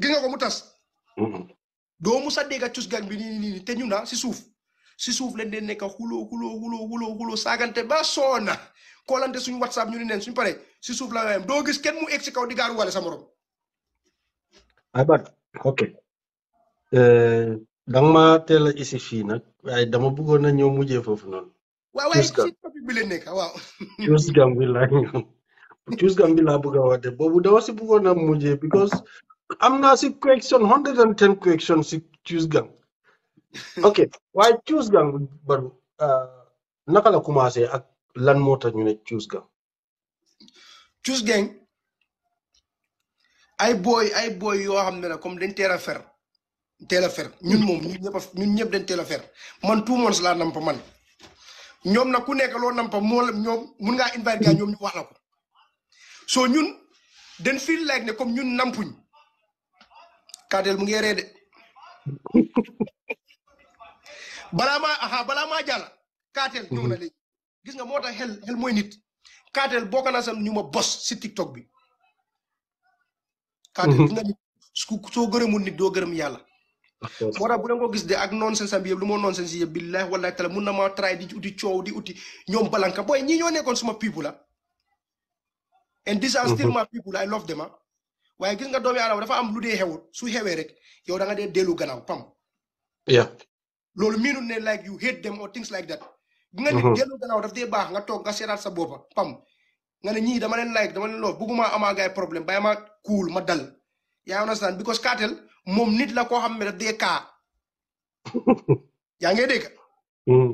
gis nga ko mu tas. Mm-hmm. doo mu sa dégg cusgan bi nii nii te ñu na si suuf si suuf la leen nekk xuloo xuloo xuloo xuloo xuloo saagante ba soona koolante suñu whatsapp ñu ne neen suñu pare si suuf la waayam do gis kenn mu egg si kaw di gaaru wale sa morom. Abat ok euh, danga ma tela a isi fii nag waaye dama bëggoon a ñëw mujjee foofu noonu. waaw waaye si topic bi leen nekk waaw. cusgan bi laa ñëw cusgan bi laa bëgg a de boobu dama si bëggoon a mujjee because am naa si question hundred and ten question si choose gang ok Why choose gang baru uh, naka la commencé ak lan moo tax ñu ne choose gang choose gang ay boy, ay boy. yoo xam ne la comme dañ teel a fer teel a fer ñun moom ñun ñëpp ñun ñëpp dañ teel a fer man two months laa nampa man ñoom nag ku nekk loo nampa moo la ñoom mun invite gars ñoom ñu wax la ko so ñun dañ feel like ne comme ñun nampuñ Kadel mu ngi ree de balaa maa aha balaa maa jàll kaateel ñëw na mhm. léegi gis nga moo tax xel xel mooy nit kaateel bokk na sam ñu ma bos si tiktok bi kaateel mhm. gis nga nit soo gërëmul nit doo gërëm yàlla moo tax bu leen ko gis de ak nonsense am bi yëpp lu moo nonsense yi yëpp billahi wallahi taala mun na maa tray di uti coow di uti ñoom balanka booy ñi ñoo nekkoon suma people la and these are still mhm. my people I love them ah waaye gis nga doomi aadama dafa am lu dee xewut su xewee rek yow da nga dee dellu gannaaw pam yeah loolu miinul ne like you hate them or things like that gi nga nit mm-hmm. dellu gannaaw daf dee baax nga toog nga seetaat sa boppa pam nga ne ñii dama leen like dama leen lool bugguma amaa gaay problème bàyyi ma cool ma dal yaa understand because kaatel moom nit la koo xam ne daf dee kaa yaa ngi dégg mm-hmm.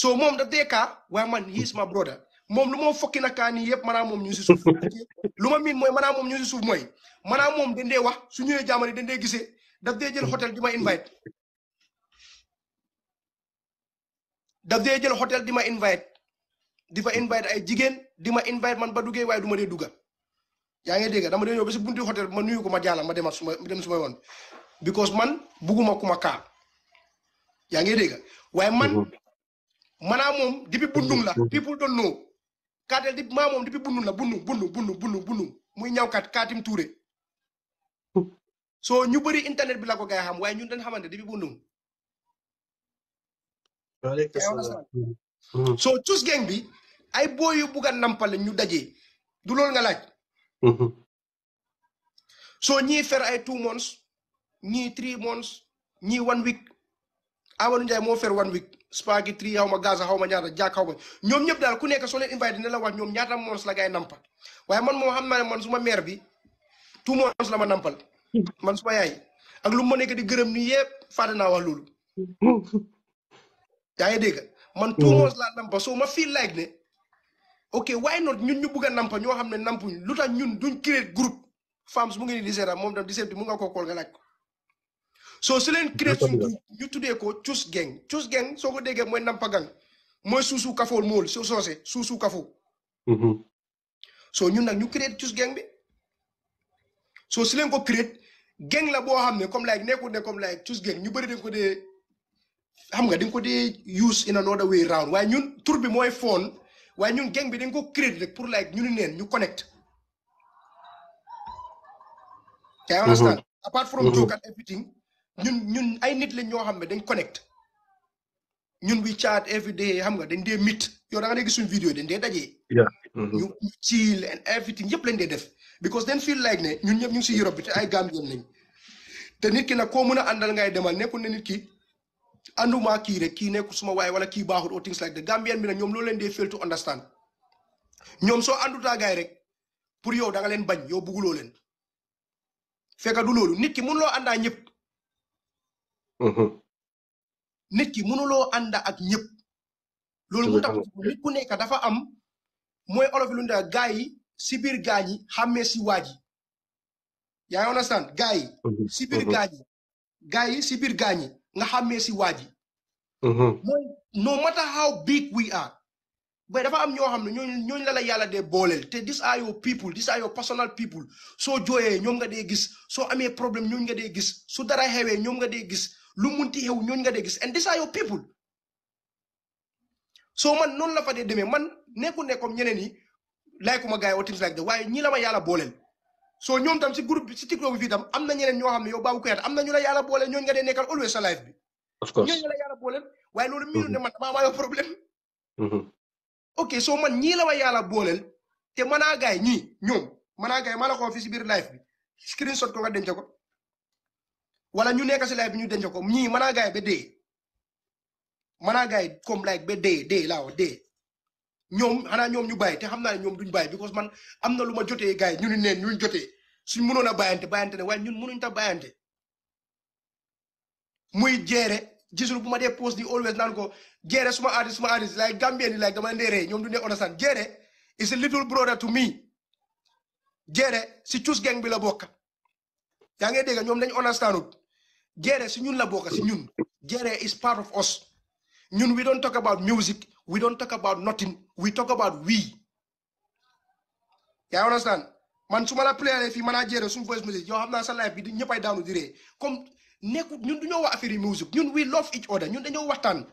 so moom daf dee kaa waaye man he is my brother mom lu ma fokki nakani yep manam mom ñu ci suuf lu ma miin mooy maanaam moom ñu ci suuf moy manam mom dende wax su daf dé jël hôtel dima invite daf dé jël hôtel dima invite dima invite ay jigen dima invite man ba duggé way duma dé Yang dugga ya nga dégg dama dé ñow ba buntu hôtel ma nuyu ko ma ma démat suma dem suma yoon because man bugguma kuma ka Yang nga ngi dégg man mhm. manam mom dibi bundum la mhm. people don't know So di maa depuis la muy Touré ñu internet bi la ko gay xam waaye ñun dañ xamante depuis mm-hmm. bi ay yu ñu du nga laaj mm-hmm. ay two months ñii three months ñii one week Amadou Ndiaye moo fer one week spaghetti xaw ma gaza xaw ma ñaata jàkk xaw ma ñoom ñëpp daal ku nekk soo leen invité dina la wax ñoom ñaata mons la gaay nampa waaye man moom xam naa ne man suma mère bi tout mons la ma nampal man suma yaay ak lu ma nekk di gërëm nii yëpp fàtte naa wax loolu yaa ngi dégg man tout mons laa nampa soo ma feel like ne ok why not ñun ñu bugg a nampa ñoo xam ne nampuñ lu tax ñun duñ créer groupe femmes mu ngi ni di moom tam di seet mu nga ko kool nga laaj ko so su leen créé suñ ñu tuddee ko cus geng cus geng soo ko déggee mooy nampa gang mooy suusu kafool mool so soose suusu kafo mm-hmm. so ñun nag ñu créé cus geng bi so su leen ko créé geng la boo xam ne comme like nekkul ne comme like cus geng ñu bëri dañ ko dee xam nga dañ ko dee use in another way round waaye ñun tour bi mooy phone waaye ñun geng bi dañ ko créé rek pour like ñu ni neen ñu connect I mm-hmm. understand apart from joke mm-hmm. and everything ñun ñun ay nit lañ ñoo xam ne dañ connect ñun we chat every day xam nga dañ dee meet yow da nga dee gis suñu vidéo dañ dee dajee mm-hmm. ñu chill and everything yëpp lañ dee def because then feel like ne ñun ñëpp ñu ngi si Europe bi te ay Gambien lañ te nit ki nag koo mën a àndal ngay demal nekkul ne nit ki ànduma kii rek kii nekkul suma waay wala kii baaxul or things like that Gambien bi nag ñoom loolu leen dee fail to understand ñoom soo àndutaa gaay rek pour yow da nga leen bañ yow bugguloo leen fekka du loolu nit ki mënuloo àndaa ñëpp Mhm. nit ki mënuloo ànd ak ñëpp. loolu mu tax ku nekk dafa am mooy olof lu ndax gaa yi si biir gaa ñi xàmmee si waa ji yaa ngi understand gaa yi. Mhm. Mhm. si biir gaa yi si gaa ñi nga xàmmee si waa ji. mooy no matter how big we are. mais dafa am ñoo xam ne ñooñu ñooñu la la yàlla dee booleel te these are your people these are your personal people soo jooyee ñoom nga dee gis soo amee problème ñooñu nga dee gis su dara xewee ñoom nga dee gis. lu munti xew ñooñu nga gis and these are your people so man noonu la fa dee demee man nekku ne comme ñeneen yi like ma gars yi or things like that waaye ni la ma yàlla booleel so ñoom tam si groupe bi si tiktok bi fii tam am na ñeneen ñoo xam ne yow Babou Kayateh am na ñu la yàlla booleel ñooñu nga dee nekkal always sa life bi. of course ñooñu la yàlla booleel waaye loolu miinu mm-hmm. ne man damaa am problème. Mm-hmm. ok so man ni la ma yàlla booleel te manaa gaay ñii ñoom manaa gaay maa ko fi si biir life bi screenshot ko nga denc ko wala ñu nekk si lay bi ñu denc ko ñii mën naa gaay ba dee mën gaay comme like ba dee dee laa wax dee ñoom xanaa ñoom ñu bàyyi te xam naa ne ñoom duñ bàyyi because man am na lu ma jotee gaay ñu ni neen ñu ñu jotee suñ mënoon a bàyyante bàyyante ne waaye ñun mënuñ ta bàyyante muy jeere gisul bu ma dee post di always naan ko jeere suma artist suma artist like Gambien ni like dama ndeeree ñoom du ne understand jeere is a little brother to me jeere si cus gang bi la bokk yaa ngi dégg ñoom dañu understandut gere si ñun la bokk si ñun gere is part of us ñun we don't talk about music we don't talk about nothing we talk about we yaa understand man su ma la playeree fii man a gere suñu voice music yow xam naa sa life. bi ñëpp ay daanu di ree comme nekkut ñun du ñoo wax affaire music ñun we love each other ñun dañoo waxtaan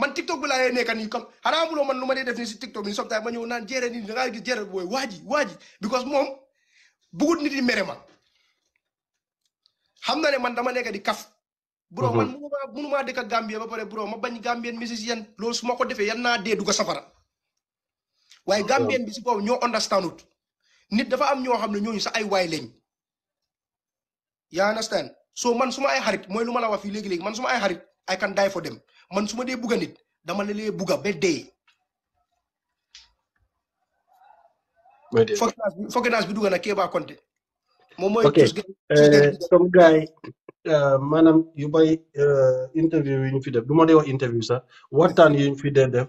man tiktok bi laa nekka nii comme xanaa amuloo man lu def nii si tiktok nii sometimes ma ñëw naan jere nii da ngaa gis jere booy waaji waaji because moom bugut nit yi mere ma xam na ne man dama nekk di kaf bro mhm. man munuma munuma dëkk gambien ba pare bro ma bañ gambien musicien loolu su ma ko defee yan naa dee dugg safara waaye mhm. gambien bi si boobu ñoo understandut nit dafa am ñoo xam ne ñooñu sa ay waay lañ yaa understand so man suma ay xarit mooy lu ma la wax fii léegi léegi man suma ay xarit I can die for them man suma dee bugga nit dama la lee bugga ba dee fokkinaas bi fokkinaas bi dugg na Kéba Konté ok comme gars yi maanaam yu bay interview yi ñu fi def du ma wax interview sax waxtaan yi ñu fi dee def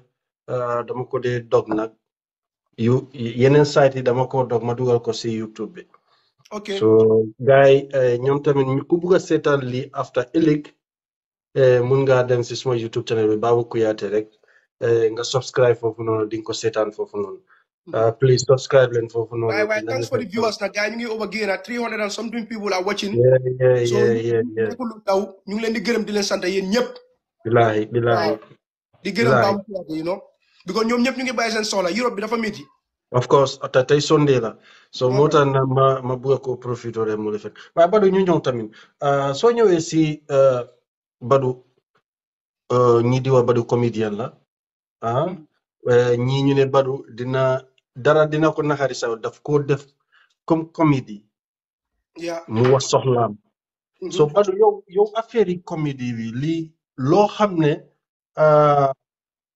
uh, dama ko dee dog nag yu yeneen site yi dama ko dog ma dugal ko si YouTube bi. ok so gars yi uh, ñoom tamit ku bugg a seetaan lii after ëllëg uh, mun ngaa dem si suma YouTube channel bi Babou Kuyaate rek nga subscribe foofu noonu di nga ko seetaan foofu noonu. Uh, please subscribe, Len for no. Right, right. Thanks for the viewers. Now, guys, you over again at uh, 300 and something people are watching. Yeah, yeah, so, yeah, yeah, yeah. People look out. You learn the game, Dylan Santa. Yep. Bilai, bilai. The you know, because you nyep you get by and solar. Europe, bit of a Of course, atatay Sunday la. So okay. mota na ma mabuga ko profit or mo lefen. Ba badu ñu ñong tamin. Uh, so ñewé ci uh, badu euh ñi di wa badu comedian la. Ah mm. uh, ñi ñu ne badu dina dara dina ko naxari saw daf ko def comme comédie ya. mu wa soxlaam mhm. so badu yow yow affaire yi comédie bi li loo xam ne euh,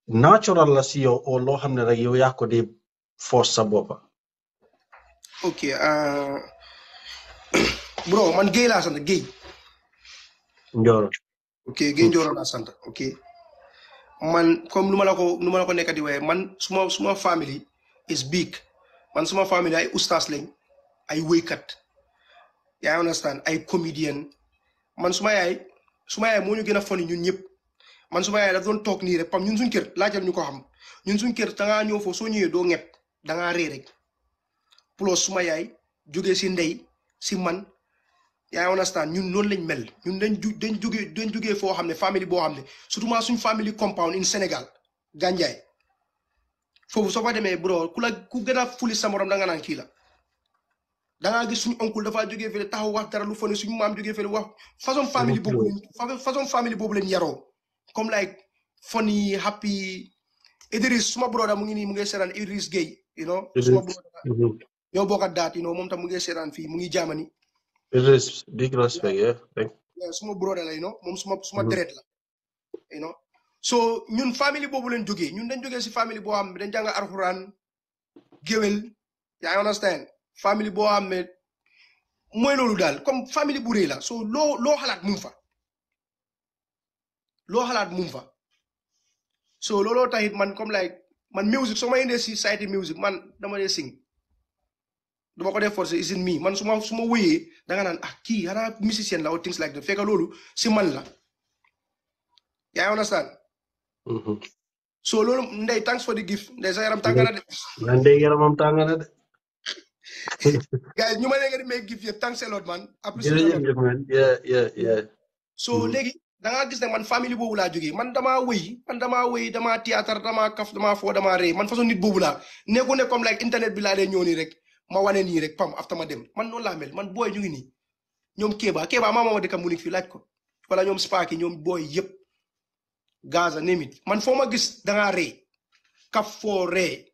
natural la si yow o loo xam ne rek yow yaa ko force sa boppa ok euh, bro man géy laa sant géy njooro ok géy njooro laa sant ok man comme nu ma la ko nu ma man suma suma family is big man some family I ay I wake up. Yeah, I understand I comedian. man some I some I moo ñu gën a foni ñun man some I don't talk nii rek pam ñun suñ kër laajal ñu ko xam ñun suñ kër dangaa Tanga foofu soo ñëwee doo ñett dangaa ree rek plus some I jógee si ndey si man yaa understand ñun noonu lañ mel ñun dañ ju dañ jógee dañ jógee foo xam ne famille boo xam ne surtout suñ famille compound in Sénégal Gandiaye foofu so fa demé bro ku la ku gëna a fuli sa morom da nga nan ki la da nga gis suñu oncle fa joggé fi taxaw wax dara lu fone suñu mam joggé fi wax façon family bobu façon family bobu len yaro comme like funny happy Idris suma da mu ngi ni mu ngi seetaan Idris Gueye you know suma bro mhm. ñoo boka dat you know mom tam mu ngi seetaan fi mu ngi jamani Idris big respect yeah suma da la you know mom suma suma mhm. dread la you know so ñun family boobu leen jógee ñun dañ jógee si family boo xam ne dañ jàng arxuraan géwél yaa understand Family boo xam ne mooy loolu daal comme famille bu la so loo loo xalaat mu fa loo xalaat mu fa so looloo taxit man comme like man music soo ma indee si site music man dama dee sing duma ko dee forcé is in me man su ma su ma wëyee da nga naan ah kii xanaa musicien la or things like that fekk loolu si man la yaa understand Mm-hmm. so loolu ndey thanks for the gift ndey sa yaram tàngana de man de yaramam tàngana de guys ñu ma ne nga di may gift yëpp thanks a lot man jërëjëf yeah yeah yeah so mm. léegi da nga gis ne man family bobu la jógee man dama wëy man dama wëy dama théâtre dama kaf dama fo dama rëy man façon nit boobu laa nekku ne comme like internet bi la dee ñoni rek ma wané ni rek pam after ma dem man non la mel man boy ñu ngi nii ñoom Kéba Kéba maa ma kam mu Munich fi laj ko wala ñoom Spaaki ñom boy yëpp Gaza, name it. Man, former gis dangare, kafore.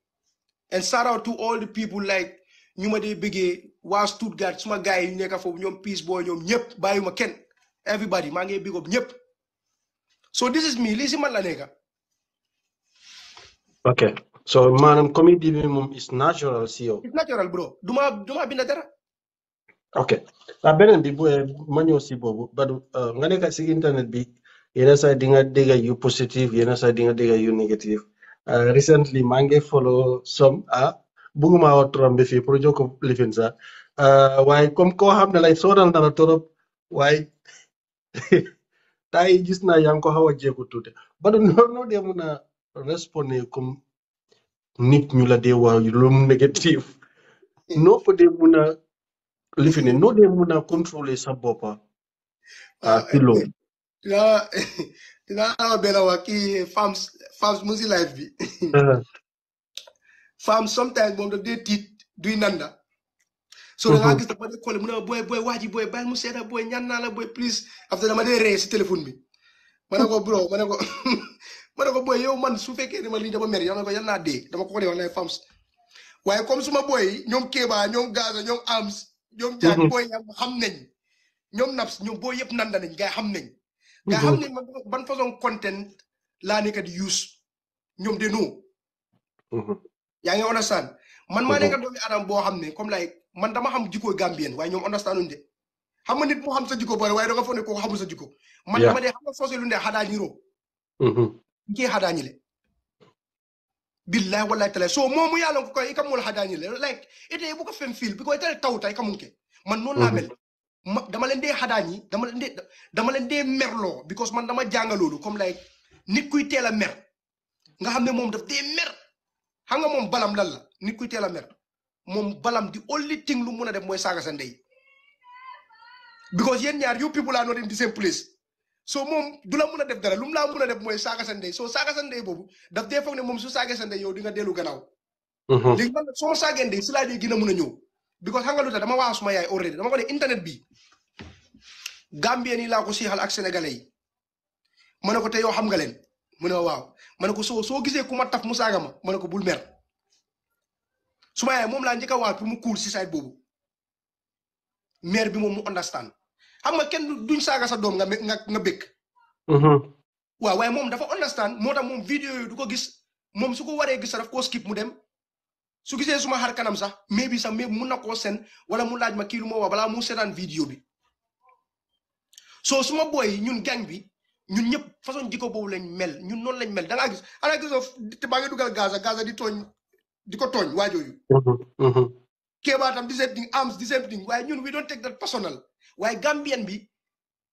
And shout out to all the people like Numa de Biggie, waa Stuttgart suma gars yi for foofu ñoom Peace Boy ñoom ñëpp bàyyiwuma kenn everybody man, big up yep. so this is me lii si man la ok so coming to me, moom is natural see you. it's natural bro duma duma binda dara. ok ah beneen bi bu ma ñëw but boobu uh, Badou nga nekk see internet be. Yena sa dinga digger you positive, yena sa dinga digger you negative. Uh, recently, mange follow some ah, uh, buguma wa trombe fi project ko lifin Uh, why kom ko ham na like sodan dara torop why tay gis na yang ko hawa jeku tuté. But no no de muna respond comme nit ñu la dee wa lu mu négatif noo fa dee mun a lifine noo dee mun a contrôler sa boppa ah uh, ci Tiraram, tiraram a Belão aqui, farms, farms music live. Uh-huh. Farms sometimes when they did do inanda. So the guy is the body call him, no boy, boy, why boy, bang, mu seda boy, nyanala boy, please. After the mother raise telephone me. Mana ko bro, mana ko, mana ko boy, yo man, su fekkee ne ma lii dama mer, yana ko yan naa dee, dama ko ko dee wala farms. waaye comme suma boy ñoom Kéba ñoom Gaza ñoom Arms ñoom Diagne booy yam xam nañ ñoom Naps ñoom booy yëpp nanda nañ gars xam nañ nga xam ne ban façon content laa nekk di use ñoom de noo mhm. yaa ngi understand man maa mhm. nekk doomi adam boo xam ne comme like man dama xam jikko gambien waaye ñoom understand uñu de xam nga nit moo xam sa jikko bare waaye danga foog ne koo xamul sa man dama de xam nga soose lu ne xadaa ñiroo mhm. nkee xadaa ñi le billahi wallahi taala so moomu yàlla ko koy ikamul xadaa ñi le ite bu ko fen fiil bi ko itel tawta ikamun ke man noonu laa ma dama leen dee xadaan yi dama leen dee dama leen dee merloo because man dama jànga loolu comme like nit kuy teel a mer nga xam ne moom daf dee mer xam nga moom balam lan la nit kuy teel a mer moom balam di only thing lu mun a def mooy saaga sa ndey because yéen ñaar you people are not in the same moom du la mun a def dara lu mu laa mun a def mooy saaga sa soo saaga sa ndey boobu daf dee foog ne moom su saagee sa ndey yow di nga dellu gannaaw mm-hmm. léegi man soo saagee ndey si laa dee gën a a ñëw because xam nga lu dama wax suma yaay already dama ko ne internet bi Gambien yi laa ko siixal ak sénégalais yi ma ne ko te yow xam nga leen mu ne waaw ma ne ko soo soo gisee ku ma taf mu saaga ma ma ne ko bul meer suma yaay moom laa njëkk a wax pour si side boobu mer bi moom mu understand xam nga kenn duñ saaga sa doom nga nga nga bëgg. Mm-hmm. waaw moom dafa understand moo tax moom vidéo yi du ko gis moom su ko waree gis sax daf koo skip mu dem. su gisee suma xar kanam sax mais bi sax mais mun na koo sen wala mu laaj ma kii lu ma wax balaa mu seetaan vidéo bi soo suma booy ñun gang bi ñun ñëpp façon jikko boobu lañ mel ñun noonu lañ mel da ngaa gis ana gis te baa ngi dugal Gaza Gaza di tooñ di ko tooñ waajooyu mm-hmm, mm-hmm. Keba tam the same thing arms the same thing waaye ñun we don't take that personal waaye Gambian? bi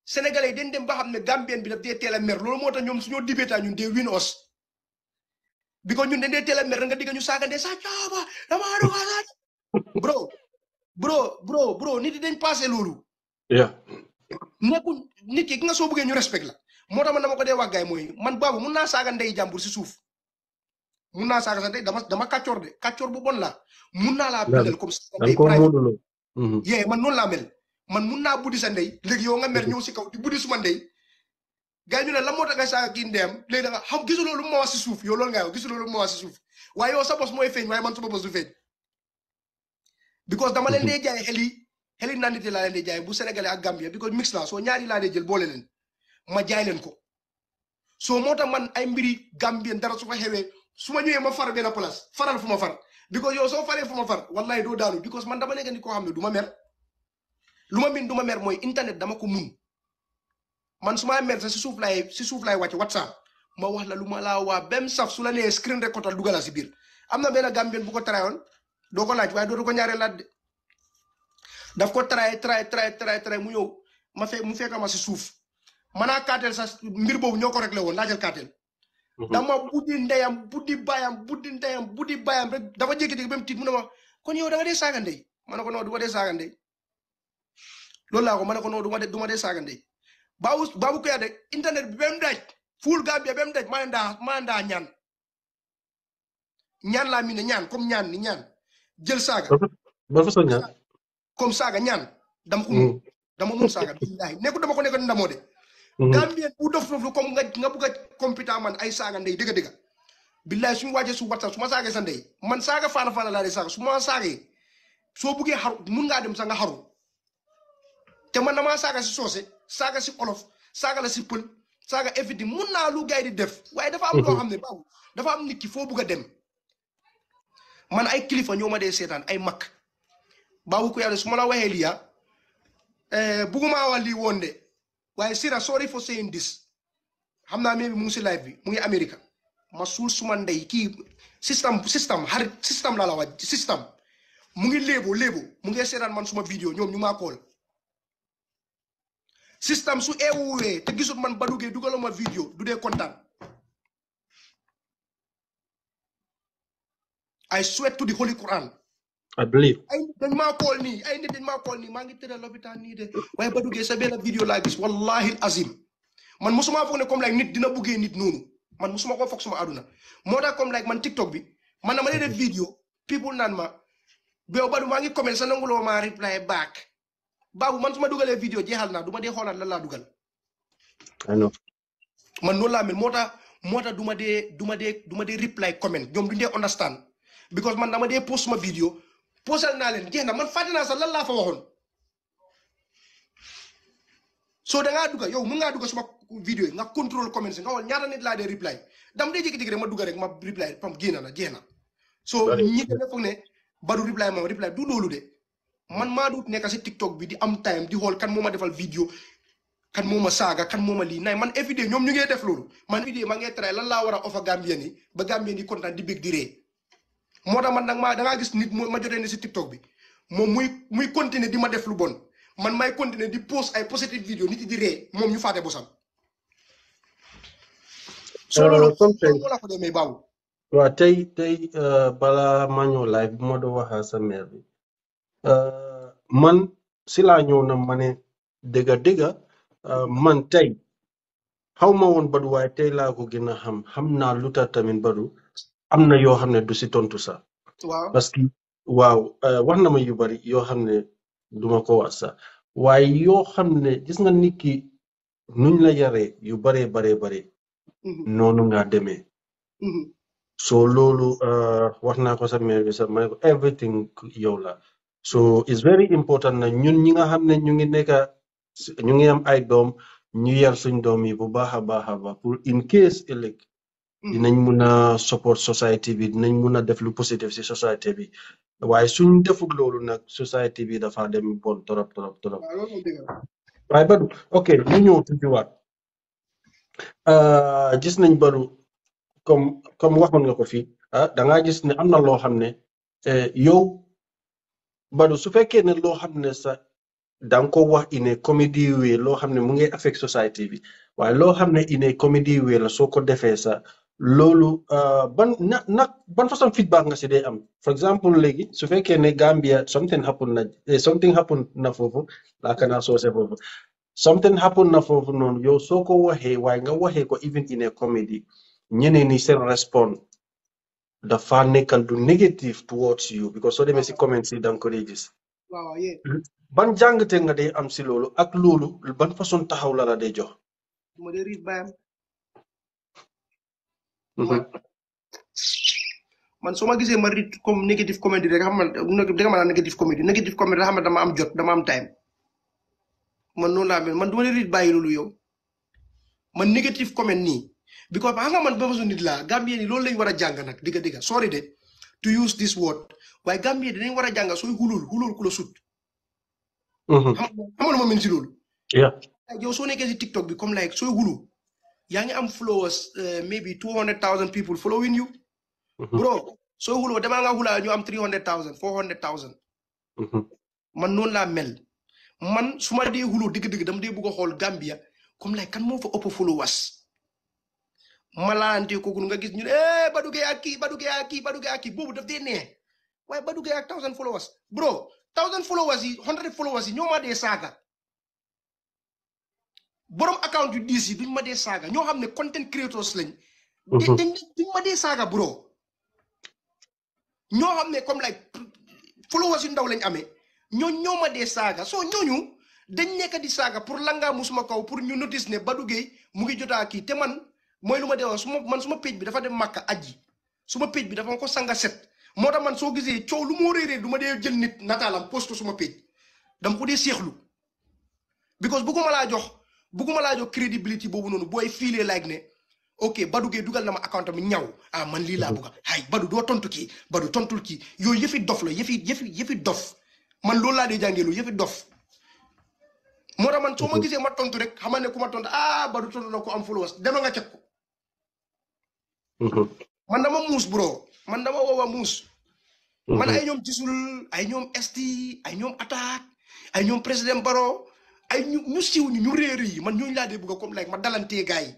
Sénégalais yi dañ dem ba xam Gambian Gambien bi daf dee teel a mer loolu moo tax ñoom suñoo dibétaa ñun dee win os biko ñu ndende télé mer nga diga ñu saga ndé sa dama bro bro bro bro nit dañ passé eh, lolu yeah nekku nit ki nga so bëggé ñu respect la motax man dama ko dé wagay moy man babu mën na saga kan ndey jambour ci suuf mën na saga ndey dama dama kacior dé kacior bu bon la mën na la bindal comme ça ndey private mhm. yeah man non la mel man mën na buddi sa ndey mer ñew ci kaw di kan buddi suma gaay ñu ne lan moo tax nga saaga kii ndeem léegi da nga xam gisu loolu ma wax si suuf yow loolu ngay wax gisu loolu ma si suuf waaye yow sa bos mooy e feeñ waaye man sama bos du feeñ because dama leen mhm. dee jaay xel yi xel la nandite laa leen dee jaay bu sénégalais ak gambia because mix la soo ñaari laa dee jël boole leen ma jaay leen ko so moo tax man ay mbiri gambien dara su ko xewee su ma ñëwee ma far benn place faral fu ma far because yow soo faree fu ma far wallahi doo daanu because man dama nekk ni koo xam ne du ma mer lu ma min du ma mer mooy internet dama ko mun man suma mer sa ci suuf lay ci suuf lay wacc whatsapp ma wax la luma la wa bem saf su la ne screen recordal dugala ci bir amna bena gambien bu ko trayon do ko laaj way do ko ñaare laaj daf ko tray tray tray tray tray mu ñew ma fe mu ci suuf mana katel sa mbir bobu ñoko rek lewon laajal katel mhm. dama buddi ndeyam buddi bayam buddi ndeyam buddi bayam rek dafa jekki jekki bam tit mu ne ma kon yow da nga dé sagande manako no duma dé saga ndey lolou la ko manako no duma dé duma dé saga bawu bawu ko de internet bi bem daj ful gambia bem daj manda manda ñan ñan la mi ñan comme ñan ni ñan jël saga ba fa sa ñan comme saga ñan dam ko dama mu hmm. saga billahi neku dama ko neku ndamo de hmm. gambia bu dof dof comme nga nga bëgg computer man ay saga ndey deug deug billahi suñu wajé su whatsapp suma saga sande man saga la fa la saga suma saga so bëggé haru mën nga dem sa nga haru té man dama saga ci sosé saaga si olof saaga la si pël saaga everything mun naa lu gars yi di def. waaye dafa am loo mhm. xam ne baaxul dafa am nit ki foo bëgg a dem. man ay kilifa ñoo ma dee ay mag baawu ko yàlla su ma la waxee lii ah eh, bëgguma wax lii woon de waaye Sira sorry for saying this xam naa mu ngi si live bi mu ngi America ma suul suma ndey kii système system xarit système laa la wa system. mu ngi léebo léebo mu ngi seetaan man suma vidéo ñoom ñu call. système su eewuwee te gisut man ba duggee dugaluma video, du dee content I swear to the Holy Quran. I believe. ay dañ ma call ni ay nit dañ ma call ni ma ngi tëral l'hôpital ni de way ba duggee sa benn video la gis wallahi azim man musuma foog ne comme like nit dina buggee nit nonu man musuma ko foog suma aduna moo tax comme like man tiktok bi man dama dee def video people nan ma beu ba du ma ngi comment sa nangulo ma reply back baabu man su ma dugalee vidéo jeexal naa duma ma dee xoolaat lan laa dugal. man noonu laa moo tax moo tax du ma dee du ma dee du ma dee reply comment ñoom duñu dee understand because man dama dee post ma vidéo postal naa leen jeex na man fàtte naa sax lan laa fa waxoon. soo dangaa dugga yow mun ngaa dugga suma vidéo yi nga contrôle comment nga xool ñaata nit laa dee reply dam dee ma dugga rek ma reply pam génn na jeex na. soo ñi gën a foog ne baru reply moom reply du loolu de. man ma dut nek si tiktok bi di am time di hol kan moma defal video kan moma saga kan moma li nay man everyday ñom ñu ngi def loolu man everyday ma ngi tray lan la wara a gambien ni ba gambien ni content di big di ree moda man nak ma da nga gis nit ma jotté ni si tiktok bi mom muy muy continuer di ma def lu bon man may continuer di post ay positive video nit di ree mom ñu faté bosam so lo euh, loolu la ko demee baaw waaw euh, bala ma live bi ma doon sa mère bi Uh, man sila laa ñëw na mane dega-dega. Uh, man Tay. How ma woon badu waaye tey laa ko gën a xam xam naa lu badu am na yoo xam ne du si tontu sax uh, waaw parce que waaw wax na ma yu bari duma ko wax gis nga ki nuñ la yare yu baree baree bare mm-hmm. noonu nga mm-hmm. so loolu wax naa ko sa mère bi everything yow la so it's very important na ñun ñi nga xam ne ñu ngi nekk ñu ngi am ay doom ñu yar suñ doom yi bu baax a baax pour in case ëllëg hmm. dinañ mun a support society bi dinañ mun a def lu positif si society bi waaye suñ deful loolu nag society bi dafa dem bon torop torop torop waaye Badou ok ñu ñëw tuddiwaat ah, gis nañ Badou comme comme waxoon nga ko fii ah da ngaa gis ne am na loo xam ne eh, yow but su fekkee ne loo xam ne sa danga ko wax in a comedy way loo xam ne mu ngi affect society bi waaye loo xam ne in a comedy way la soo ko defee sa loolu ah, ban na nag ban façon feedback nga si dee am for example léegi su fekkee ne Gambia something happen na eh, something happen na foofu laaka naa soose foofu something happen na foofu noonu yow soo ko waxee waaye nga waxee ko even in a comedy ñeneen ñi seen respond the family can do negative towards you because soo demee si comment comments, danga ko dee gis waaw yee ban jàngate nga dee am si loolu ak lolo ban façon taxaw la la day jox mo dee riif baayam mm-hmm. man soo ma gisee ma riif comme négative comédie rek xam nga ma négative comédie négative comédie da xam ne dama am jot dama am time man noonu laa mel man du ma dee riif bàyyi loolu yow man négative comment ni because ba nga man ba façon nit laa Gambien yi loolu lañ war a jàng nag diga. digga sorry de to use this word waaye Gambien dinañ war a jàng sooy xulul xulul ku la sut. Mm-hmm. xam nga lu ma mën si loolu. yow soo nekkee TikTok bi comme like sooy hulu. yaa am followers eh, maybe two hundred thousand people following you. Mm-hmm. bro soo xuloo damaa nga xulaa ñu am three hundred thousand four hundred thousand. Mm-hmm. man noonu la mel man su di hulu diga diga. digg dama dee bëgg a Gambia comme like kan moo fa ëpp followers. malaante ko nga gis ñu ne eh ak kii Badou Gueye ak kii Badou ak kii boobu daf dee nee waaye Badou Gueye ak thousand followers bro thousand followers yi hundred followers yi ñoo ma dee saaga borom account yu diis yi duñ ma saaga ñoo xam ne content creators lañ. dañ mhm. duñ ñoo xam ne comme like followers yu ndaw lañ amee ñoo ñoo ma dee saaga soo ñooñu dañ nekk di saaga pour langaa musuma kaw pour ñu notice ne Badou mu ngi jotaa kii te man. mooy lu ma dee su man suma ma bi dafa dem màkka aji su ma page bi dafa ko sanga set moo tax man soo gisee coow lu moo réeree du ma dee jël nit nataalam post ko su ma page ko dee seexlu because laa jox bugguma laa jox crédibilité boobu noonu booy fiilee like ne ok Badou dugal na ma account am ñaw ah man lii laa ay Badou doo tontu kii Badou tontul kii yooyu yëfi dof la yëfi yëfi yëfi dof man loolu laa dee jàngee loolu yëfi dof man soo ma gisee ma tontu rek xamal ne ku ma tontu ah Badou tontu na ko am followers dema nga ko Mhm. man dama muus bro man dama woowa muus. Mhm. man ay ñoom gisul ay ñoom esti ay ñoom attaque ay ñoom président Baro ay ñu ñu siiw ñu ñu réer yi man ñooñu laa dee bëgg comme like ma dalantee gars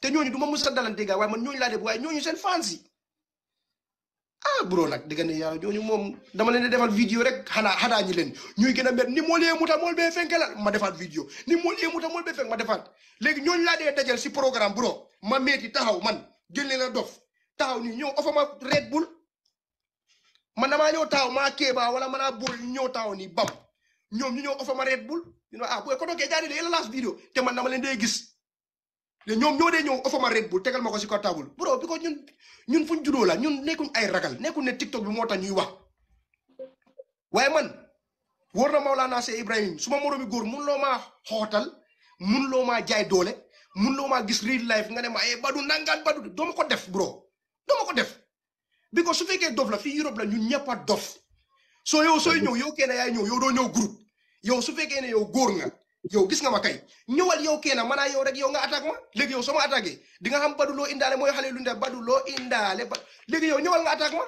te ñooñu du ma mës a dalantee waaye man ñooñu laa dee bëgg waaye ñooñu seen fans yi ah bro nag dëgg ne yàlla ñooñu moom dama leen di defal vidéo rek xanaa xanaa ñu leen ñuy gën a mel ni moo lee muta mool bee fenkelal ma defaat vidéo ni moo lee muta mool bee fenk ma defaat léeg ñooñu laa dee dajal si programme bro ma meeti taxaw man. jëlee la dof taxaw ni ñëw ofama red bull man dama ñëw taxaw maa keba wala manaa bool ñëw taxaw ni bam ñoom ñu ñëw ofama red bull ñu ne ah bu ko doggee jaari la video, video te man dama leen day gis le ñoom ñoo dee ñëw ofama red bull tegal ma ko si table, bro bi ko ñun ñun fuñ juddoo la ñun nekkuñ ay ragal nekkuñ ne tiktok bi moo tax ñuy wax waaye man wóor na Maolana Cheikh Ibrahim suma moromi góor mun loo maa xootal mun loo maa jaay doole mënuloo maa gis real life nga ne ma ay eh, badu nangaan badu doo ma ko def bro doo ma ko def because su fekkee dof la fii Europe la ñu ñëpp a dof soo yow sooy ñëw yow kenn yaay ñëw yow doo ñëw groupe yow su fekkee ne yow góor nga yow gis nga ma kay ñëwal yow kenn manaa yow rek yow nga attaque ma léegi yow soo ma attaqué di nga xam badu loo indaale mooy xale lu ne badu loo indaale ba léegi yow ñëwal nga attaque ma.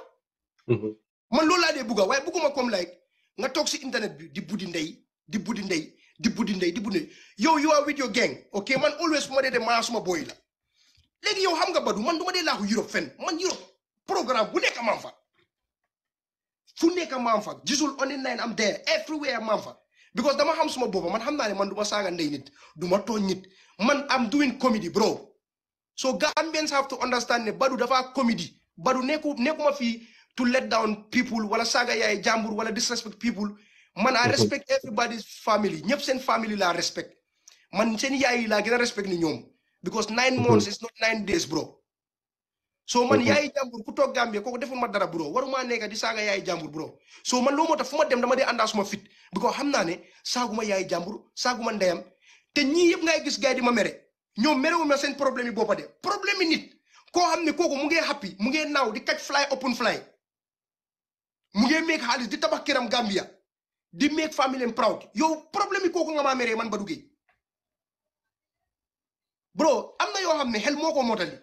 Mm-hmm. man loolu laa dee bugga waaye bugguma comme like nga toog si internet bi di buddi ndey di buddi ndey. Yo, you are with your gang ok man always fu the man dem suma boy la Legi yo xam nga man du ma dee laaxu Europe fenn man Europe programme bu nekk maam fa fu nekk maam fa gisul online am there everywhere man fa because dama xam suma boppa man xam naa ne man du ma saaga ndey nit du ma tooñ nit man am doing comedy bro so Gambians have to understand ne badu dafa comedy badu neku nekkuma fi to let down people wala saaga yaay jàmbur wala disrespect people man I respect everybody's family ñep sen family la respect man sen yaay la gëna respect ni ñom because 9 months is not 9 days bro so man yaay jambour ku tok gambie koku deful ma dara bro waruma nekk di saga yaay jambour bro so man lo motax fuma dem dama di anda suma fit because xamna ne saguma yaay jambour saguma ndeyam te ñi yeb ngay gis gaay di ma méré ñom wu ma sen problème yi bopa de problème nit ko xamne koku mu ngi happy mu ngi naw di catch fly open fly mu ngi make halis di tabax kiram gambia di make family am proud yow problème yi kooku nga maa meree man ba Gueye bro am na yoo xam ne xel moo ko mootali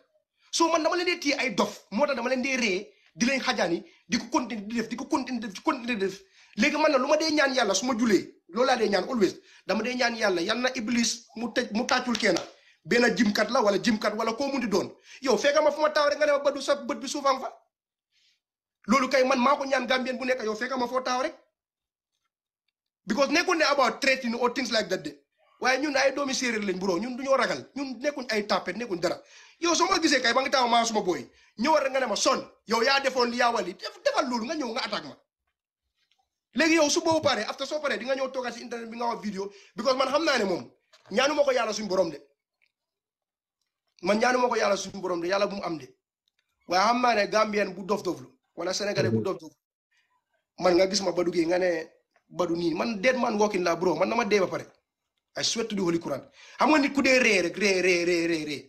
soo man dama leen dee téye ay dof moo tax dama leen dee ree di leen xajaani di ko continuer di ko continuer di def di def léegi man na lu dee ñaan yàlla su ma julee loolu laa dee ñaan always dee ñaan yàlla yal na iblis mu tëj mu tàccul kenn benn jimkat la wala jimkat wala koo di doon yow fekk ma fu ma taw rek nga ne ma Badou bët bi suufam loolu kay man maa ko ñaan gambien bu nekk yow fekk ma foo taw rek. because nekkuñ ne about threatening or things like that de waaye ñun ay doomi séeréer lañ buroo ñun duñoo ragal ñun nekkuñ ay tàppet nekkuñ dara yow soo ma gisee kay ba nga taw maa suma boy. ñëwal rek nga ne ma son yow yaa defoon li yaa wali defal loolu nga ñëw nga attaque ma Legi yow su boobu paree after soo pare di nga ñëw toogaat si internet bi nga wax vidéo because man xam naa ne moom ñaanu ma ko yàlla suñu borom de man ñaanu ma ko yàlla suñu borom de yàlla bu mu am de waaye xam naa ne Gambien bu dof doflu wala Sénégalais bu mhm. dof doflu man nga gis ma ba duggee nga ne ba du nii man dead man walking la bro man na ma dee ba pare I swear to the Holy Quran xam nga nit ku dee ree rek ree ree ree ree ree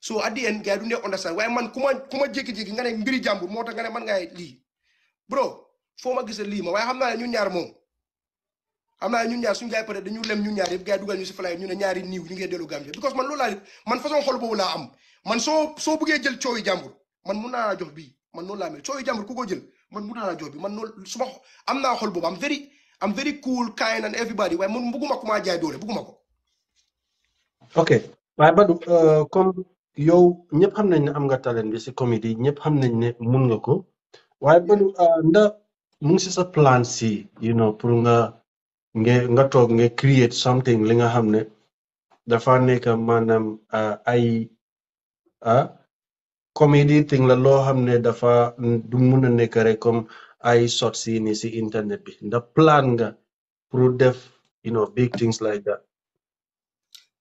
so at the end waaye man ku ma ku ma jékki-jékki nga ne mbiri jàmbur moo tax nga man ngaa lii bro foo ma gisal lii ma waaye xam naa ne ñun ñaar moom xam naa ne ñun ñaar suñu gars yi peut-être dañu lem ñaar ne ñaari niiw ñu ngi dellu Gambie man loolu laa man façon xol boobu laa am man soo soo bëggee jël coow yi jàmbur man mun naa la jox bii man noon laa mel coow yi jàmbur ku ko jël man mun naa la jox bi man noonu su ma am naa xol boobu am very I'm very cool, kind, and everybody. Why? man bëgguma ku ma jaay doole bëgguma ko. ok waaye Badou euh, comme yow ñëpp xam nañ ne am nga talent bi si comédie ñëpp xam nañ ne mun nga Why? waaye Badou euh, nda mu ngi si sa plan si you know pour nga nga nga toog nga create something li nga xam ne dafa nekk maanaam euh, ay ah comédie thing la loo xam ne dafa du mun a nekk rek comme ay sot si ni si internet bi ndax plan nga pour def you know big things like that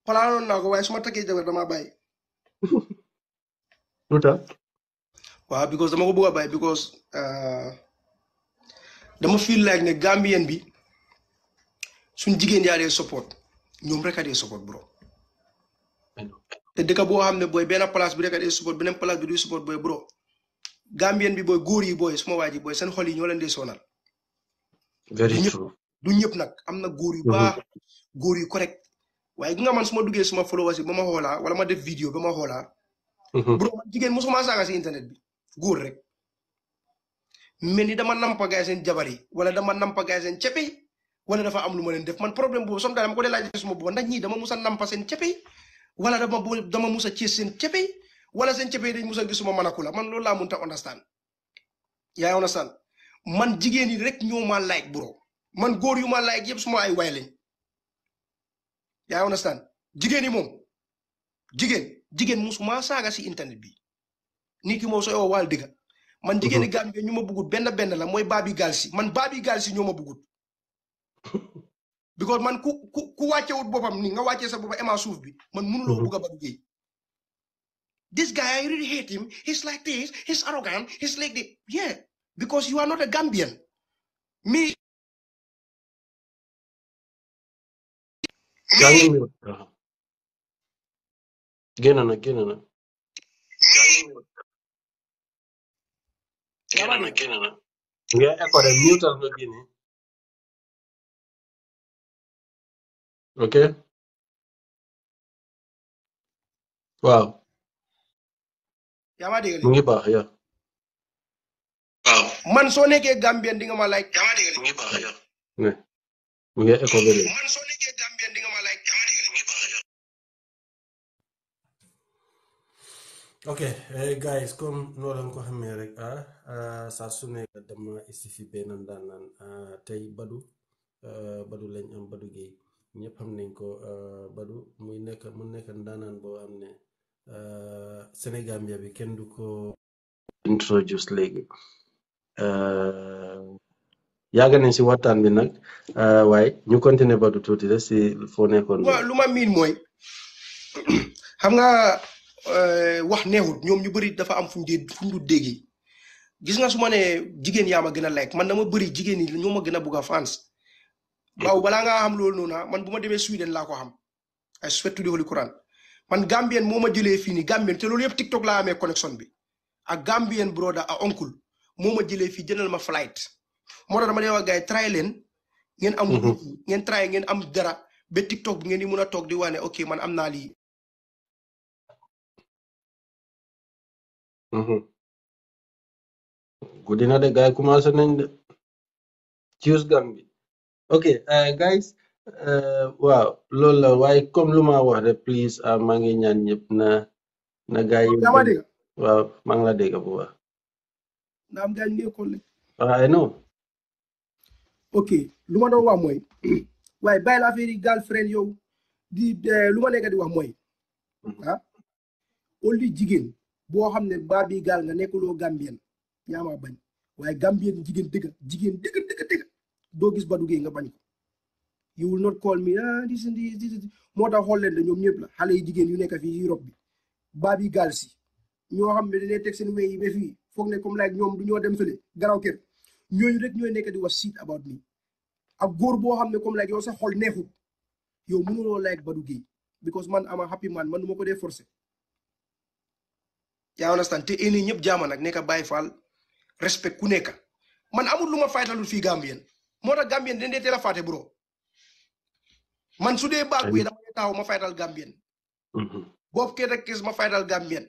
palaanoon naa ko waaye su ma takkee jabar damaa bàyyi lu tax waaw because dama ko bëgg a bàyyi because dama uh, feel like ne Gambien bi suñ jigéen yaa dee support ñoom rek a support bro te dëkk boo xam ne booy benn place bi rek a support beneen place bi du support booy bro Gambien bi booy góor yi booy suma waa ji booy seen xol yi ñoo leen di sonal. very du ñëpp nag am na góor yu baax góor yu correct waaye gi nga man su ma duggee suma followers yi ba xoolaa wala ma def vidéo ba ma xoolaa. Mhm. bu doon jigéen mosuma saaga si internet bi góor rek. mel ni dama nampa gaay seen jabar yi wala dama nampa gaay seen cepe yi am lu ma leen def man problème boobu sometimes dama ko dee laaj suma boobu ndax ñii dama musa nampa seen cepe wala dama dama musa ci seen cepe wala seen cëppee dañ mus a gisuma mën la man loolu laa mënut a understand yaa understand man jigéen yi rek ñoo ma like man góor yu ma like yëpp suma ay waay lañ yaa understand jigéen yi moom jigéen jigéen musuma saaga si internet bi ni ki moom sooy woo waal dëgga man mhm. jigéen yi Gambie ñu ma bëggut benn benn la mooy gaal Galsi man Babi Galsi ñoo ma bëggut because man ku ku ku wàccewut boppam ni nga wàccee sa boppam ema suuf bi man mënuloo mhm. bëgg a Badou This guy, I really hate him. He's like this. He's arrogant. He's like this. Yeah, because you are not a Gambian. Me. Again again and Genana, again. Genana, genana. Yeah, echo the mute as well, Guinea. Okay. Wow. yaa ma dégg mu ngi baax ya waaw man soo nekkee Gambien di nga ma like yaa ma dégg mu ngi baax ya mu ngi écho bi man soo nekkee Gambien di nga ma like yaa ma dégg mu ngi baax ya ok hey eh, guys comme noo leen ko xamee rek ah, ah sa su nekk dama isi fi benn ndaanaan ah, tey badu ah, badu lañ am badu gi ñëpp xam nañ ko badu muy nekk mu nekk ndaanaan boo xam ne senegal euh, Sénégambia bi kenn du ko introduce léegi euh, yàgg nañ si waxtaan bi nag euh, waaye ñu continuer ba du tuuti rek si foo nekkoon. waaw lu ma miin mooy xam nga wax neexut ñoom ñu bari dafa am fu mu dee fu mu dégg gis nga su ma nee jigéen yaa ma gën a like man dama bëri jigéen ñi ñoo ma gën a bugg a France. waaw balaa ngaa xam loolu noonu ah, man bu ma demee Sweden laa ko xam ay sweat to the Holy Quran man Gambien moo ma jëlee fii nii Gambien te loolu yëpp TikTok laa amee connexion bi ak Gambien broda a oncle moo ma jëlee fii jëndal ma flight moo tax dama lay wax gars yi try leen. ngeen am mhm. ngeen try ngeen am dara ba TikTok bi ngeen di mun a toog di wane ok man am naa lii. Mhm. guddi na de gars yi commencé nañ de. Choose ok euh, guys. Eh, waaw loolu la waaye comme lu ma wax rek please ah, maa ngi ñaan ñëpp na na gaa yi. waaw la dégg bu baax. naam gaa yi ñu ngi ah, école waaw ok lu ma doon wax mooy waaye bàyyi la affaire yi girlfriend yow di eh, lu ma nekk di wax mooy mm-hmm. ah oldi jigéen boo xam ne ba bi gal nga nekkuloo Gambien yaa ma bañ waaye Gambien jigéen dëgg jigéen dëgg dëgg gis ba duggee nga bañ you will not call me ah this and this this is tax xool leen de ñoom ñëpp la xale yu jigéen yu nekk fii Europe bi baab yi gaal si ñoo xam ne dañuy teg seen wéy yi ba fii foog ne comme like ñoom du ñoo dem fële garaw kër ñooñu rek ñooy nekk di wax shit about me ak góor boo you ne comme like yow sa xol neexut yow mënuloo like Badou Gueye because man a happy man man nu ma ko dee forcé yaa understand te ini ñëpp jaama nag nekk Baye Fall respect ku nekk man amul lu ma faytalul fii Gambien moo tax Gambien dañ dee teel a fàtte bro man su dee baag bi dama taxaw ma faytal Gambien. Mm-hmm. boobu kee rek kis ma faytal Gambien.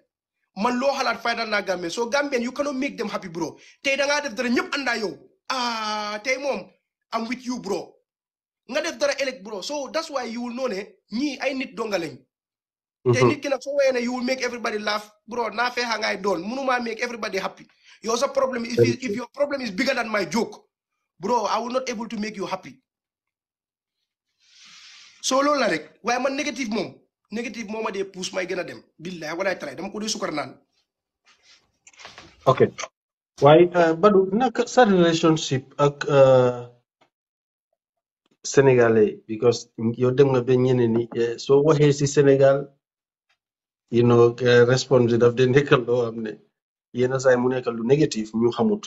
man loo xalaat faytal naa Gambien so Gambien you cannot make them happy bro tey da ngaa def dara ñëpp àndaa yow ah tey moom am with you bro. nga def dara elect bro so that's why you will know ne ñii ay nit donga lañ. tey mm-hmm. nit ki nag soo ne you will make everybody laugh bro naa feexa ngay doon mënuma make everybody happy. yow sa problème if your problem is bigger than my joke bro I will not able to make you happy soo loolu la rek waaye man négative mom? négative moo ma dee pousse may gën a dem billaay walaay talaay dama ko dee sukar naan. ok waaye euh, Badu nak sa relationship ak euh, sénégalais because yow dem nga ba ñeneen ni eh, soo waxee si Sénégal you know eh, response bi daf de nekkal loo xam ne yenn saa mu nekkal lu négatif ñu xamut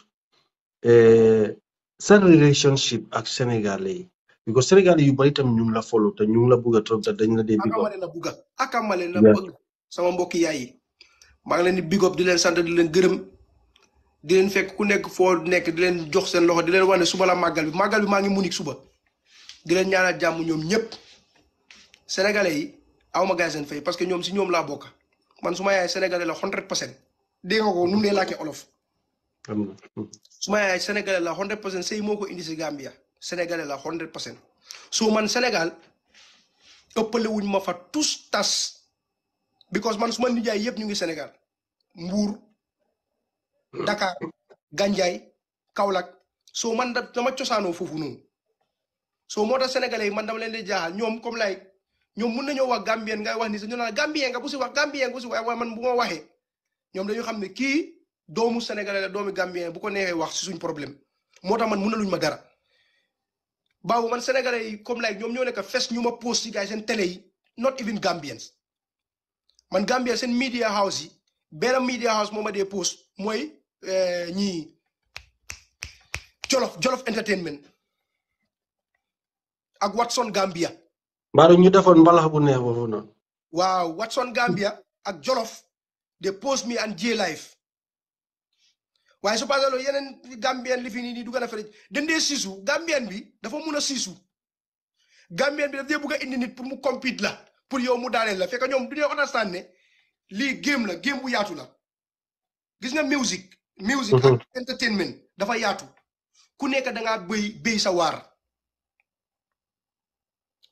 eh, sa relationship ak sénégalais. because Sénégal yu bari tam ñu la follow te ñu la bëgg trop te dañ la dé big up la bëgg akamale la bëgg sama mbokk yaay yi ma ngi leen di big up di leen sant di leen gërëm di leen fekk ku nekk fo nekk di leen jox seen loxo di leen wane suba la magal, bi magal bi ma ngi munik suba di leen ñaanal jamm ñom ñëpp sénégalais yi awma gaay seen fay parce que ñom si ñom la bokk man suma yaay sénégalais la 100% dégg nga ko num mu lay laakee olof suma yaay sénégalais la 100% sey moko indi ci gambia sénégalais la 100% so man sénégal ëppale wuñ ma fa tous tas because man suma nijaay yépp ñu ngi sénégal mbour dakar ganjaay kaolack so man dama ciosano fofu non so moo tax sénégalais man dama leen di jaaxal ñom comme lay ñom mën nañu wax gambien ngay wax ni ñu na gambien nga bu ci wax gambien bu ci wax man bu ma waxee ñom dañu xam ki doomu sénégalais la doomu gambien bu ko neexee wax ci suñu problème moo tax man munaluñ ma dara baawu man sénégalais yi comme like you ñoo nekk fes ñu ma post yi gars yi seen télé yi not even gambians man gambia seen media house yi media house moma ma post Moi eh, ñi jolof jolof entertainment ak Watson Gambia. Baro ñu defoon mbalax bu neex boobu waaw Watson Gambia ak jolof they post me and J waaye su basalo yeneen gambien li fi nii nii du gën a fere dendee siisu gambien bi dafa mun a siisu gambien bi daf dee bugg a indi nit pour mu compete la pour yow mu daaneel la fekk ñoom du ñu understand ne lii game la game bu yaatu la gis nga music music -hmm. entertainment dafa yaatu ku nekk da ngaa béy béy sa waar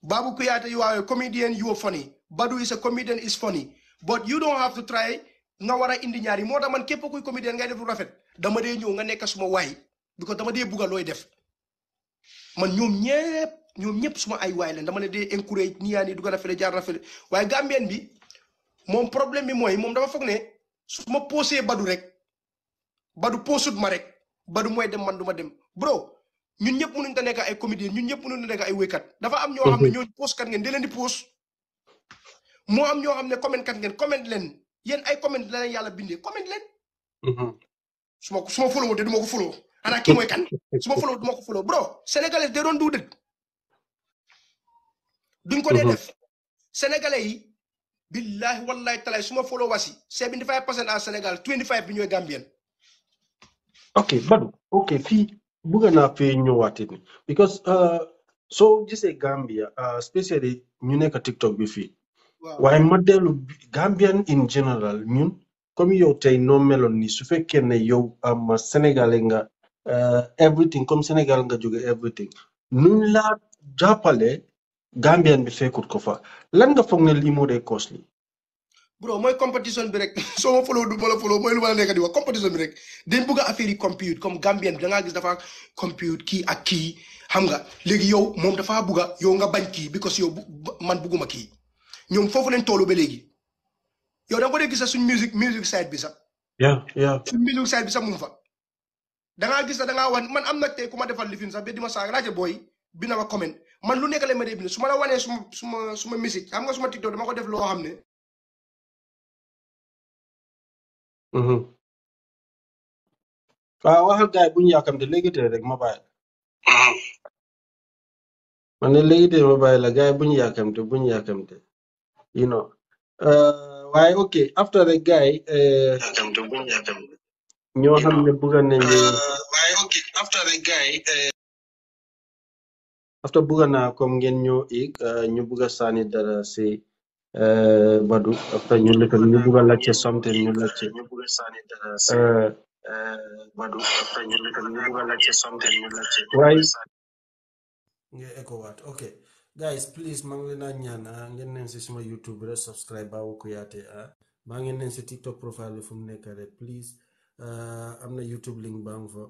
Babu ku you are waaye comedian, you are funny. Badu is a comedian, is funny. But you don't have to try ngawara indi ñaari motax man képp kuy comedian ngay def lu rafet dama dee ñëw nga nekk suma waay bi ko dama dee bugga looy def man ñoom ñëpp ñoom ñëpp suma ay waay la dama ne dee encourage nii yaa nii du gën jaar na waaye gambien bi moom problème bi mooy moom dama foog ne suma ma posé badu rek badu posut ma rek badu mooy dem man duma dem bro ñun ñëpp mënuñ ta nekk ay comédien ñun ñëpp mënuñ ta nekk ay wéykat dafa am ñoo xam ne mhm. ñoo poos kat ngeen di leen di poos moo am ñoo xam ne comment kat ngeen comment leen yéen ay comment la leen yàlla bindee comment leen mhm suma suma follow de duma ko follow ana ki moy kan suma follow duma ko follow bro sénégalais de don dou deug duñ ko dé mhm. def sénégalais yi billahi wallahi taala suma fulo wasi 75% à sénégal 25 bi ñoy gambien ok badu ok fi bëgg na fi ñëwaté ni because uh, so gisee gambia uh, especially ñu nekk tiktok bi fi waaye wow. ma gambian in general ñun comme yow tey noo meloon ni su fekkee ne yow am sénégalais nga euh, everything comme Sénégal nga jóge everything nuñ laa jàppale Gambian bi fekkut ko fa lan nga foog ne lii moo dee cause li bro mooy compétition bi rek soo ma foloo du ma la foloo mooy lu ma la nekk di wax compétition bi rek dañ bëgg affaire yi comme Gambian bi da gis dafa compute kii ak kii xam nga léegi yow moom dafa bëgg yow nga bañ kii because yow man bëgguma ki ñoom foofu leen toolu ba léegi. yow da nga ko dee gis suñ music music side bi sax. yeah yeah suñ music side bi sax mu ngi fa. da ngaa gis ne da ngaa wan man am na tey ku ma defal lifin sax ba di ma saag laajte booy bi na ma comment man lu nekk la ma dee bind su ma la wanee suma suma suma musique xam nga suma TikTok dama ko def loo xam ne. waaw mm-hmm. ah, waxal gars yi bu ñu yàkkamte léegi tey rek ma bàyyi la. man de léegi tey ma bàyyi la gars yi bu ñu yàkkamte bu ñu yàkkamte you know. Uh, waaye ok after the guy. yaakaarante bu yaakaarante. ñoo xam ne bëgg nañu. waaye ok after the guy. Uh, after bëgg naa comme ngeen ñoo ig ñu uh, bëgg a sànni dara si uh, Badou after ñu nekk ñu bëgg a laajte something ñu laajte. ñu bëgg a sànni dara si Badou after ñu nekk ñu bëgg a laajte something ñu laajte. waaye. nga ekowaat ok. guys please maa ngi leen a ñaan ah, ngeen neen si suma youtube rek subscribe Babou Kuyaate ah. maa ngeen neen si tiktok profile bi fu mu nekk rek please ah, am na youtube link baa ngi fa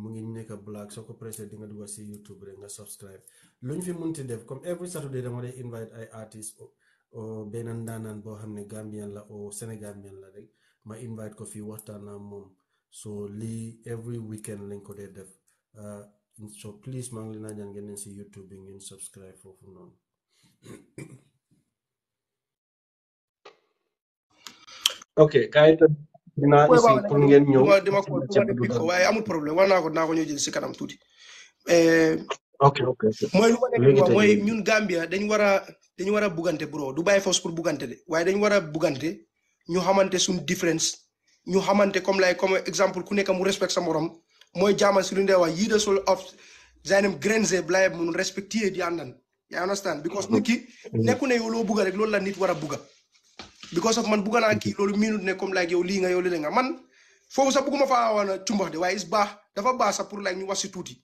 mu ngi nekk black soo ko pressé di nga dugal si youtube rek nga subscribe luñ fi mun ti def comme every saturday dama dee invite ay artist o benn ndaanaan boo xam ne Gambian la o Sénégambian la rek ma invite ko fi waxtaan naa moom so lii every weekend lañ ko dee def so please maa ngi leen a ngeen si youtube bi ngeen subscribe foofu noonu ok kay dinaa isi pour ngeen ñëw waaye amul problème war naa ko dinaa ko si kanam tuuti eh, ok ok mooy ñun Gambia dañu war a dañu war a buggante bro du bàyyi force pour buggante de waaye dañu war a buggante ñu xamante suñ différence ñu xamante comme lay comme exemple ku nekk mu respect sa morom Moy jaamal si lu yi de leadership of zainam grenze blay mu respectier di andan Ya understand because niki, ki nekku ne lo buga rek lolou la nit wara a because of man buga naa ki lolou minute ne comme like yow li nga yow lii nga man fofu sa buguma fa wana cumbax de way is bah, dafa ba sa pour like ñu wasi touti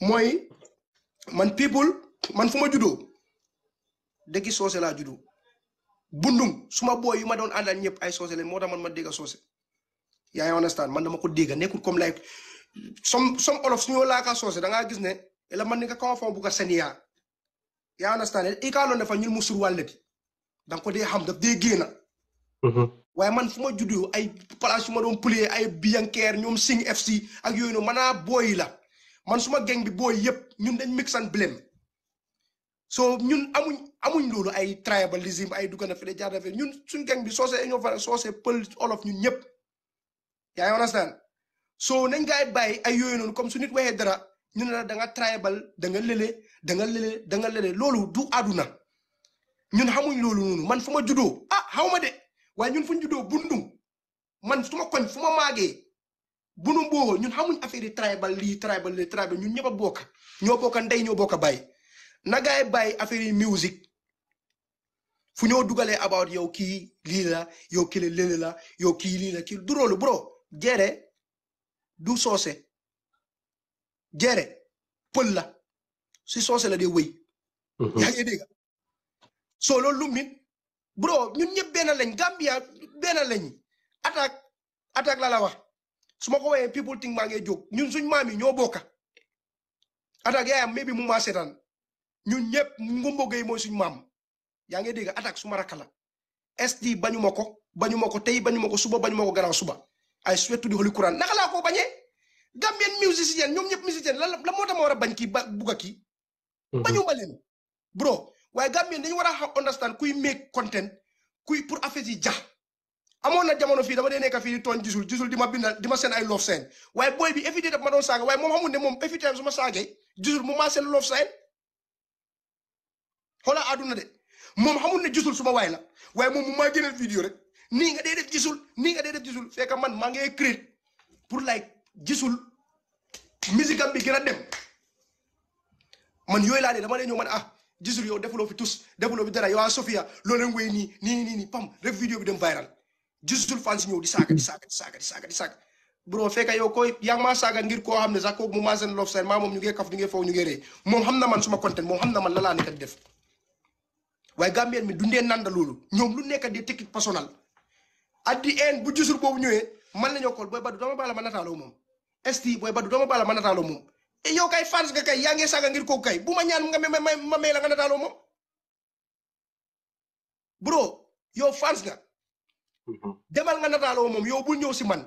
Moy mhm. man people man fuma ma de dëkki sosé la judo bundum suma boy yuma don andal ñep ay sosé len man ma dégg soose yaa ngi understand man dama ko dégg nekkul comme like some some olof su ñu laaka soose da ngaa gis ne ela eh, man ni ka kaw fon bu ka seniya yaa understand eh, i kaa loon dafa ñun musur wàlle bi da ko dee xam daf dee génna mm-hmm. waaye man fuma ma juddu ay place yu ma doon plie ay biyankeer ñoom sing fc ak yooyu mana boy la man suma geng bi boy yep ñun dañ mix and blame so ñun amuñ amuñ loolu ay tribalism ay dugana fede jaarda fe ñun suñ geng bi soose ñoo fa soose pël olof ñun ñëpp yaa ngi understand so nañ gaa bàyyi ay yooyu noonu comme su nit waxee dara ñu ne la da nga tribal da nga lële da nga da nga lële loolu du àdduna ñun xamuñ loolu noonu man fu ma juddoo ah xaw ma de waaye ñun fu ñu juddoo bundung man su ma koñ fu ma maagee bunu boo ñun xamuñ affaire yi tribal lii tribal lii tribal ñun ñëpp a bokk ñoo bokk ndey ñoo bokk a bàyyi na gaay bàyyi affaire yi musique fu ñoo dugalee about yow kii lii la yow kii la lële lii la kii du loolu bro. jere du soose jeere pël la si soose la dee wëy mhm. yaa ngi dégg soo loolu lu mit bro ñun ñëpp benn lañ Gambia benn lañ attaque attaque la la wax su ma ko woyee people maa ngi jóg ñun suñ maam yi ñoo bokka attaque yaayam maybe mu maa seetaan ñun ñëpp ngumbo gay mooy suñ maam yaa ngi dégg attaque su ma rakk la SD bañu ma ko bañu ma ko tey bañu ma ko suba bañu ma ko suba ay souhaitu di holy quran naka la ko bañé gambien musicien ñom ñep musicien la la mota ma wara bañ ki buga ki mhm. bañu ma len bro way gambien dañu wara understand kuy make content kuy pour affaire yi ja amona jamono fi dama de nek fi di ton jisul jisul di ma bindal di ma ay love sign way boy bi every day daf ma doon saaga waaye moom xamul ne moom every time su mu ma sen love sign hola aduna de mom xamul ne gisul su ma la way mom mu ma gënal video rek nii nga dee def gisul nii nga dee def gisul fekk man maa ngi écrire pour like jisul musique bi gën a dem man yooyu laa ne dama lay ñëw man ah gisul yow defuloo fi tus defuloo fi dara yow ah Sofia loolu la nii nii nii nii pam rek vidéo bi dem viral gisul fan si ñëw di saaga di saaga di saaga di saaga di saaga. bro fekk yow koy yaa maa saaga ngir koo xam ne sax kooku mu maa seen lof maa moom ñu ngi kaf ñu ngi faw ñu ngi ree moom xam na man suma content xam na man la laa def waaye Gambien mi dundee nanda loolu ñoom lu nekk di tekki personnel. at the end bu jusur boobu ñëwee man nañoo xool booy Badou dama bala ma nataaloo moom esti booy Badou dama bala ma nataaloo moom e yow kay fans nga kay yaa ngi saaga ngir kooku kay bu ma ñaan nga ma may ma may la nga nataaloo moom bro yow fans nga mm-hmm. demal nga nataaloo moom yow bul ñëw si man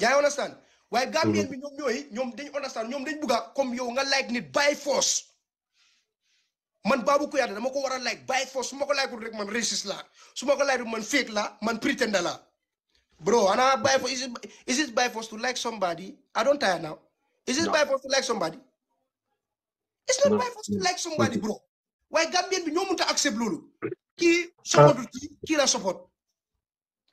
yaa understand waaye mm-hmm. gambien bi ñoom ñooy ñoom dañ understand ñoom dañ bugga comme yow nga like nit by force man Babou Kouyaté dama ko war like by force su ma ko likeul rek man racist la su ma ko likeul man fake la man pretend la bro ana by force is it, is it by force to like somebody I don't tire now is it no. by force to like somebody it's not no. by force to like somebody bro Why Gambia bi ñoo mënta accept loolu Ki ah. support ki kii la support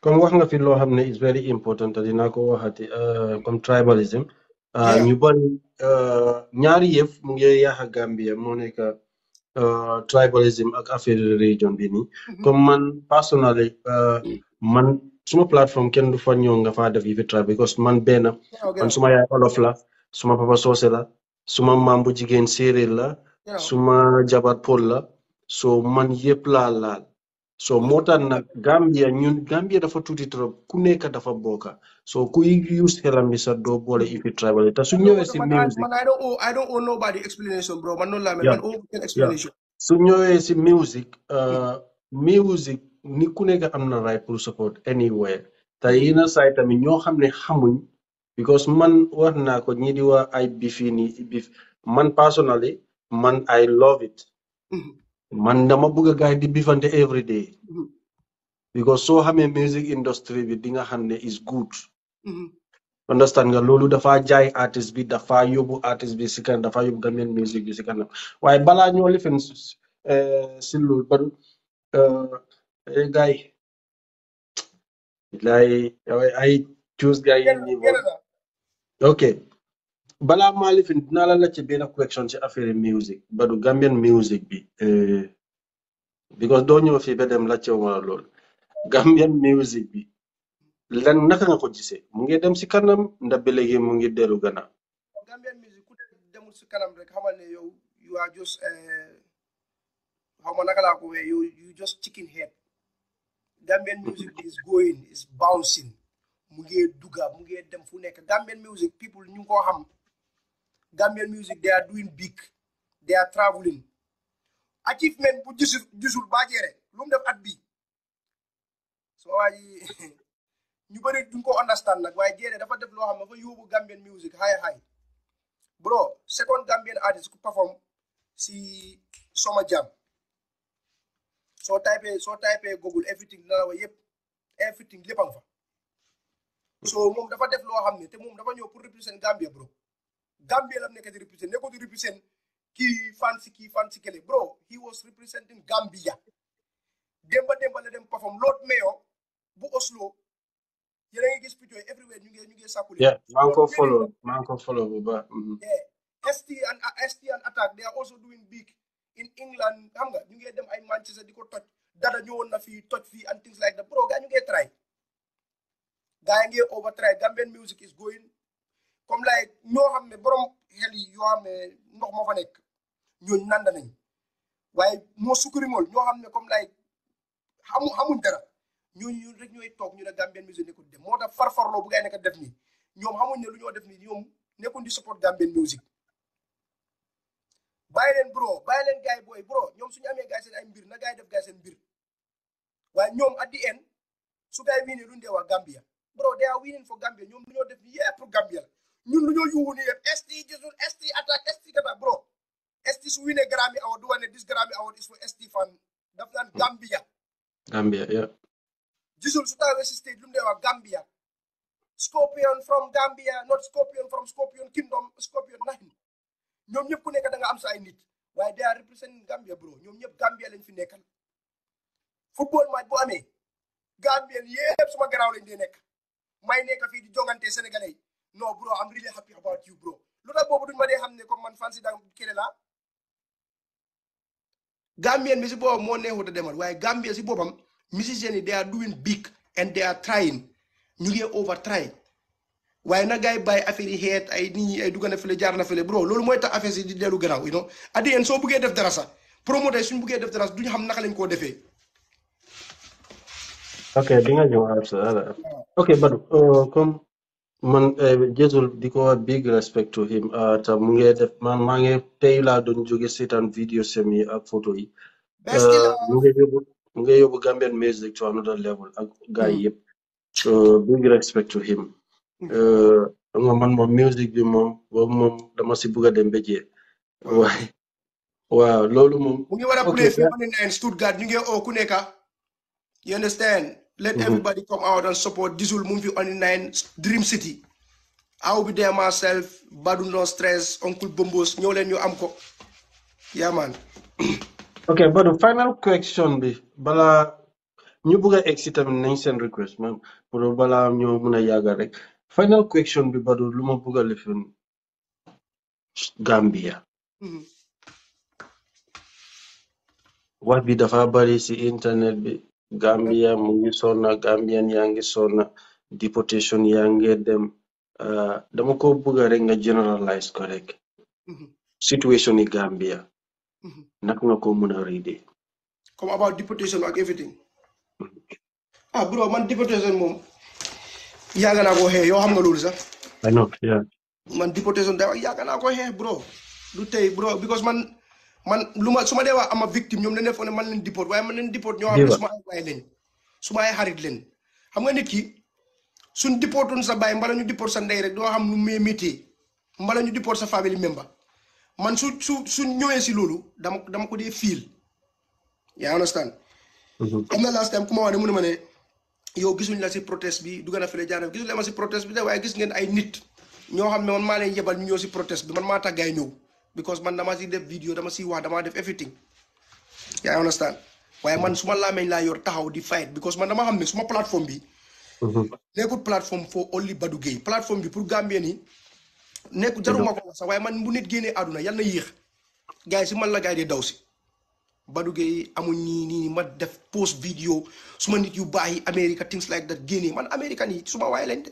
comme wax nga fi loo is very important te dinaa ko waxati euh, comme tribalism ah, ñu nyari euh, ñaari yëf mu ngi Gambia mo nekk uh, tribalism ak affaire region bi nii mhm. comme man personally uh, mm. man suma platform kenn du fa ñëw nga faa def yi tribe because man benn man suma yaay olof la suma papa soose la suma maam bu jigéen la suma jabar pël la so man yep la laal so mota na Gambia ñun Gambia dafa tuuti trop ku nekk dafa boka so ku use xelam bi sa doo boole you travel te su ñëwee si music man I don't owe I don't owe nobody explanation bro man man owe explanation su ñëwee si music uh, music ni ku nekk am na pour support anywhere te yéen na saay tamit ñoo xam ne xamuñ because man wax naa ko ñi di waa ay bifini bif man personally man I love it mm-hmm. man dama bëgg gaay di bifante every day mm-hmm. because so xamee music industry bi di nga is good mm-hmm. understand nga loolu dafa jaay artist bi dafa yobu artist bi si kanam dafa yobu Gambian music bi si kanam waaye balaa ñoo lifin eh, si loolu ban gaay lay ay choose gaay yi ok bala maa lifin dinaa la laajte benn question ci affaire music Badou Gambian music bi eh, because doo ñëw fii ba dem laajte wala lool Gambian music bi lan naka nga ko gisee mu ngi dem si kanam ndax ba léegi mu ngi dellu gannaaw. Gambian music ku demul si kanam rek xamal ne yow you are just eh, xaw ma naka laa ko wee yow you just chicken head Gambian music is going is bouncing mu ngi dugga mu ngi dem fu nekk Gambian music people ñu ngi koo xam. Gambian music, they are doing big. They are traveling. Achievement bu gisul this. This will be mu def at So soo waaye ñu bëri duñ ko understand nag waaye jeere dafa def loo xam ne Gambian music high high bro second Gambian artist ku perform si Summer Jam So type, so type Google everything Now la everything lépp a nga fa so moom dafa def loo xam ne te put dafa ñëw in represent Gambia bro Gambia lam nekati represent nekoti represent ki fancy ki fancy kele bro he was representing Gambia demba demba la dem perform Lord Mayor bu Oslo yéen ngi gis picture everywhere ñu ngi ñu ngi sàkkule yeah maa ngi follow maa ngi follow bu baax mhm. yeah ST and uh, ST and attack they are also doing big in England xam nga ñu ngi dem ay Manchester di touch, toj dada ñëwoon na fii toj fii and things like that bro gaa ñu ngi try gaa ngi over try Gambian music is going ñoo xam ne borom xel yi yoo xam ne ndox moo fa nekk ñooñu nanda nañ waaye moo sukkari ñoo xam ne comme lay xamu xamuñ dara ñooñu ñun rek ñooy toog ñu ne Gambian music nekkul dem moo tax farfarloo bu ngay nekk def nii ñoom xamuñ ne lu ñoo def nii ñoom nekkul di support Gambian music bàyyi leen bro bàyyi leen gaay booy bro ñoom suñu amee gaay seen ay mbir na gaay def gaay seen mbir waaye ñoom at the end su gaay wiinee luñ dee wax Gambia bro a are winning for Gambia ñoom lu ñoo def yépp Gambia la ñun ñoo yuwu yuuni yeb st jisul st attack kan, st bro st su wine grammy award wone dis grammy award isu for fan daf lan gambia gambia ya yeah. jisul su tawé ci stage lum de wa gambia scorpion from gambia not scorpion from scorpion kingdom scorpion nine ñom ñep ku nekk da nga am sa ay nit waye they are representing gambia bro ñom ñep gambia lañ fi nekkal football match bu amé gambia yeb suma graw lañ di nekk may nekk fi di jogante sénégalais no bro I'm really happy about you bro lu tax duñ ma dee xam ne comme man fan si daan kene laa Gambien bi si boppam moo neexut a demal waaye Gambien si boppam musiciens yi they are doing big and they are trying ñu ngi over try waaye na gars yi bàyyi affaire yi xeet ay nit ñi ay dugg na fële jaar na fële bro loolu mooy tax affaire yi di dellu gannaaw you know adiyeen soo buggee def dara sa promoter suñ buggee def dara sax duñu xam naka lañ koo defee. ok di nga ñëw euh, ok Badou euh, comme man jësul di big respect to him ah, te mu ngi def man maa ngi tey laa doon jóge seetaan vidéo semi ak photo yi. mu ngi yóbbu mu ngi Gambian music to another level ak ah, mm. so big respect to him. xam mm. ah, nga man music bi moom boobu moom dama si bugg dem waaw mu ngi play Stuttgart ñu ngi ku you understand. Let mm -hmm. everybody come out and support this will move you on nine Dream City. I will be there myself. Badu no stress. Uncle Bombos. Nyole nyo amko. Yeah man. okay, but the final question be bala ñu bëgg exit egg request man But bala ñoo muna yaga. rek final question be badu. Luma ma bëgg Gambia What be the bari si internet be? Gambia mu ngi sonna Gambian yaa ngi sonna deportation yaa ngi dem uh, dama ko bëgga rek nga generalize ko rek mm-hmm. situation yi Gambia mm-hmm. nak nga ko mën a comme about deportation ak everything mm-hmm. ah bro man deportation moom yàgg naa ko xee yoo xam nga loolu sax I know yeah man deportation da yàgg naa ko xee bro du tey bro because man man luma suma su ma dee ama victime ñom dañ defoon man leen dipot waye man leen dipot ño xam suma ma ay way leen suma ay xarit leen xam nga nit ki suñ dipotoon sa baay mbala ñu dipot sa ndey rek do xam lu muy mbala ñu dipot sa family member man su su su ci si dama dama ko dé fiil ya understand mhm. am na last time kuma wa ne mu ne mané ne yow la ci protest bi du gëna a fële jaar gisun la ma ci protest bi da waye gis ngeen ay nit ño xam ne man ma lay yebal ñu ñoo si protest bi man ma tagay ñëw because man dama si def video dama si wax dama def everything Ya, yeah, understand waye man suma laameñ la yor taxaw di fight because man dama xamne suma platform bi mhm. nekkut platform for only Badou gay platform bi pour Gambien yi nekk jaruma ko sax waye man bu nit gene aduna yalla na gay gars si man la gay di daw si Badou gay amu ni ni ma def post video suma nit yu baax America things like that gene man American yi suma waye lañ de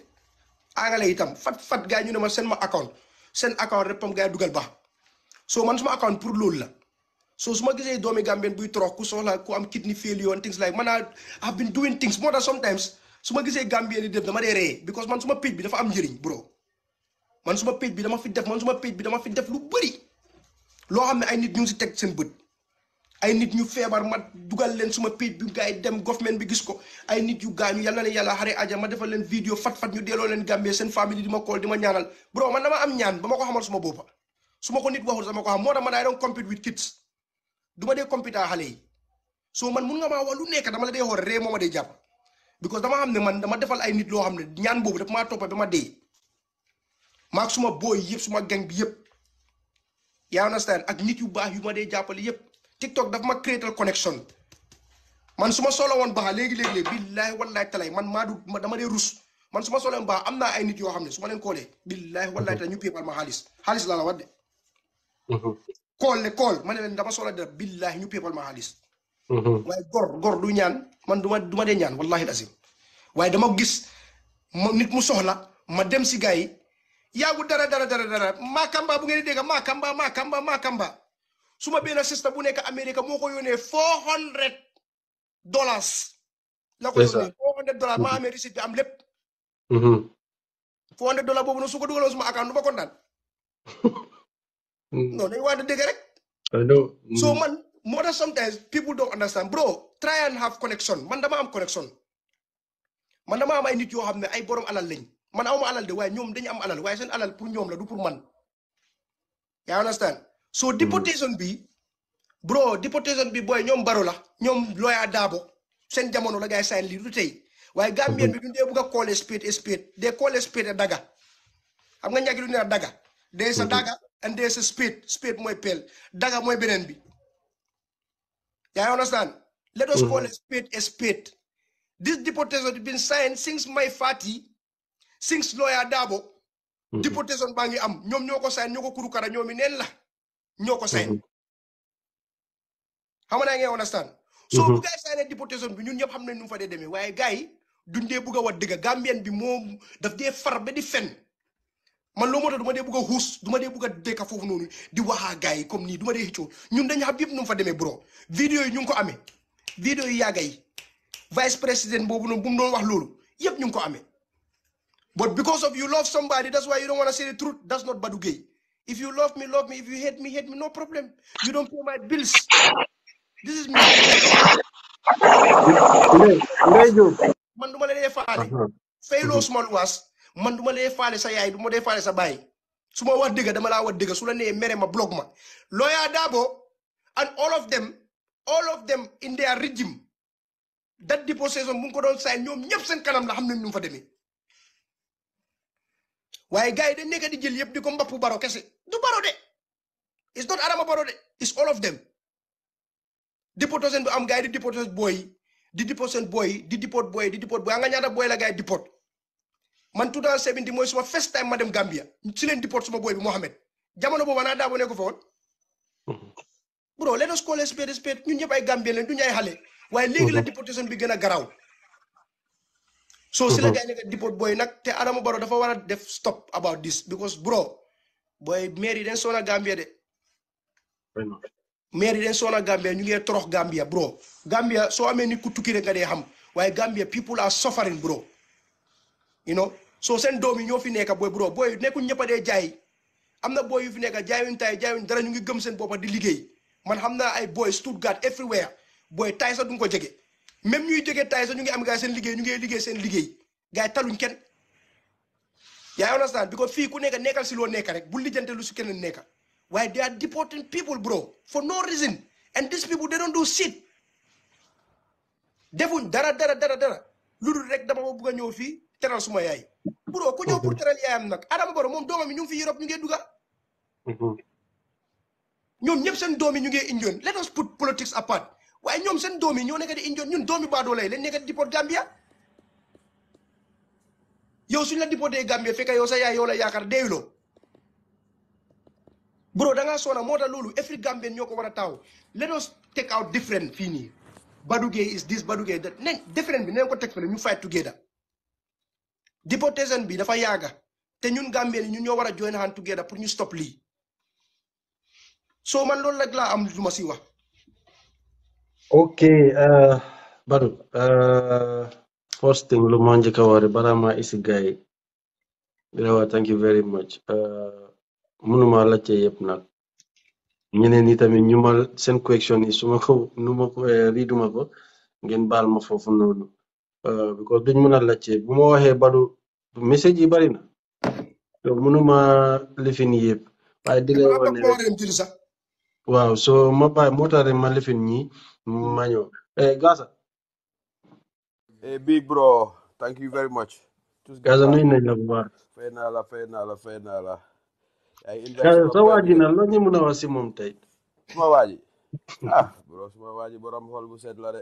angale itam fat fat gay ñu ne ma sen ma account sen account repam gay dugal so man suma account pour lool la so suma gisé domi gambien buy trox so soxla ko am kidney failure and things like man I've been doing things more than sometimes suma gisé gambien di def dama dee because man suma page bi dafa am jëriñ bro man suma page bi dama fi def man suma page bi dama fi def lu bari lo xamné ay nit ñu ci tek seen bëtt ay nit ñu feebar ma dugal leen suma page bi gaay dem government bi gis ko ay nit yu gaañu yalla na yalla xare aja ma defal leen video fat fat ñu delloo leen gambé seen family di ma call di ma ñaanal bro man dama am ñaan bama ma ko xamal suma bopa su ma ko nit waxul sama ko xam moo tax man I don't compete with kids du ma dee compete xale yi soo man mun nga maa wax lu nekk dama la dee xool ree moo ma dee jàpp because dama xam ne man dama defal ay nit loo xam ne ñaan boobu daf maa toppa ba ma dee suma booy yëpp suma gang bi yëpp yaa understand ak nit yu baax yu ma dee jàppale yëpp TikTok daf ma créatal connection su ma solo woon baax léegi-léegi billaahi wallaahi talay man maa du dama rus man su ma solo woon baax am naa ay nit yoo xam ne su ma leen koolee billaahi wallaahi talay ñu péepal ma xaalis xaalis laa la wax de kool mm-hmm. le kool ma ne leen dama soxla dara billahi ñu pépal ma xaalis. Mm-hmm. waaye gor gor du ñaan man du dee ñaan wallahi lazim waaye dama gis mu soxla ma dem si gars yi yaagu dara dara dara dara maakamba bu ngeen di dégg maakamba maakamba maakamba su ma benn sista bu nekk Amérique moo ko yónnee four hundred dollars. la ko yónnee four mm-hmm. am lépp. four hundred dollars boobu noonu su ko dugaloon suma account Mm. no want to dëgg it. I know. Mm. so man mother, sometimes people don't understand bro try and have connection man the am connection man dama am I need yoo have Me, I borrow alal lañ man awma alal de waaye ñoom dañu am alal waaye seen alal pour ñoom la du pour man yaa understand so mm. déportation bi bro déportation bi boy, ñoom barola, la lawyer dabo. Send seen jamono la guy sign little du Why Gambian gambien they mm-hmm. call a spade a spade They call a spade a dagger. I'm gonna give you a dagger. There's a mm-hmm. dagger and there's a spade spade mooy pel, daga mooy beneen bi yaa understand let us mm-hmm. call a spade a spade this deportation has been signed since my party since lawyer Dabo mm-hmm. deportation bangi am ñoom ñoo ko sign ñoo ko kurukara ñoomi neen la ñoo ko sign mm-hmm. understand so bu guys yi deportation bi ñun ñëpp xam nañ nu mu fa dee demee waaye gaa yi duñ dee dëgg Gambien bi moom daf dee far ba di fen man loo moo tax du ma dee bugg a xuus du ma dee di waxaa gars comme nii du ma dee ñun dañu xam nu fa demee bro vidéo yi ñu ko amee vidéo yi yàgga yi vice président boobu noonu doon wax loolu yëpp ñu ko amee but because of you love somebody that's why you don't want to say the truth that's not badu gay. if you love me love me if you hate me hate me no problem you don't pay my bills this is me man du la dee faale uh-huh. fayloo suma luwaas man duma lay faalé sa yaay duma lay faalé sa baye suma wax dëgg dama la wax dëgg su la né méré ma blog ma loya dabo and all of them all of them in their regime that possession bu ko don say ñom ñep seen kanam la xam ñu fa démé waye gaay yi dañ di jël yëpp diko ko baro kessé du baro dé it's not adama baro dé it's all of them deposition du am gaay yi di deposition boy di deposition boy, di depot boy, di depot boy, nga ñaata boy la gaay yi man 2017 mooy suma first time ma dem Gambia si leen deport suma boy bi Mohamed jamono booba naa daabo ne ko fa mm-hmm. bro let us call respect, respect. a spade ñun ñëpp ay Gambien leen duñu ay xale. waaye léegi la mm-hmm. deportation bi a so si la mm-hmm. gars yi deport boy. nag te Adama Baro, dafa war def stop about this because bro boy, maire yi den soona Gambia de. maire yi den soona Gambia ñu ngee torox Gambia bro Gambia so amee nit ku tukki rek nga dee xam waaye Gambia people are suffering bro you know so seen doom yi ñoo fi nekk booy bro Boy, nekkul ñëpp a dee jaay am na booy yu fi nekk jaayuñ tay jaayuñ dara ñu ngi gëm seen boppa di liggéey man xam naa ay booy Stuttgart everywhere Boy, tay sa duñ ko jege même ñuy jógee tay sa ñu ngi am gaay seen liggéey ñu ngi liggéey seen liggéey gaay taluñ kenn yaa understand because fi ku nekk nekkal si loo nekk rek bu lijjante lu si keneen nekk waaye they are deporting people bro for no reason and these people they don't do shit defuñ dara dara dara dara lu rek dama ma bugg ñëw fii teral suma yaay bro ku ñëw pour mhm. teral yaayam nak adam baro mom doomam ñu fi Europe ñu ngi duga mhm. ñom ñep seen doom ñu ngi indion let us put politics apart waye ñom seen doom ñoo nekk di indion ñun doomi baadoo lay leen nekk di port Gambia yow suñ la dipotee Gambia fekk yow sa yaay yow la yaakaar deewlo bro da nga sona moo tax loolu every Gambian ñoo ko let us take out different fini. Badugay is this Badugay that ne different bi neen ko teg fële ñu fight together deportation bi dafa yaga te ñun gambien ñun ñoo wara join hand together pour ñu stop li. so man loolu rek la am lu ma si wax ok euh, ban euh, first thing lu ma njëkk wari isi thank you very much la euh, laajte yep nag ñeneen ni tamit ñu ma sen question ni su ma ko nu ma ko ko ngeen bal ma Uh, because duñ mën a lacce bu badu message yi bari na to mënuma lifin yëpp waaye di lay waaw so ma bàyyi moo ma lifin ñi eh Gaza Hey, eh, big bro, thank you very much. Gaza nañ la bu baax Fenala, fenala, Gaza sa waa ji nag ñu mën a wax si moom tey Suma waji. Ah, bro, suma waji borom xol bu set la de.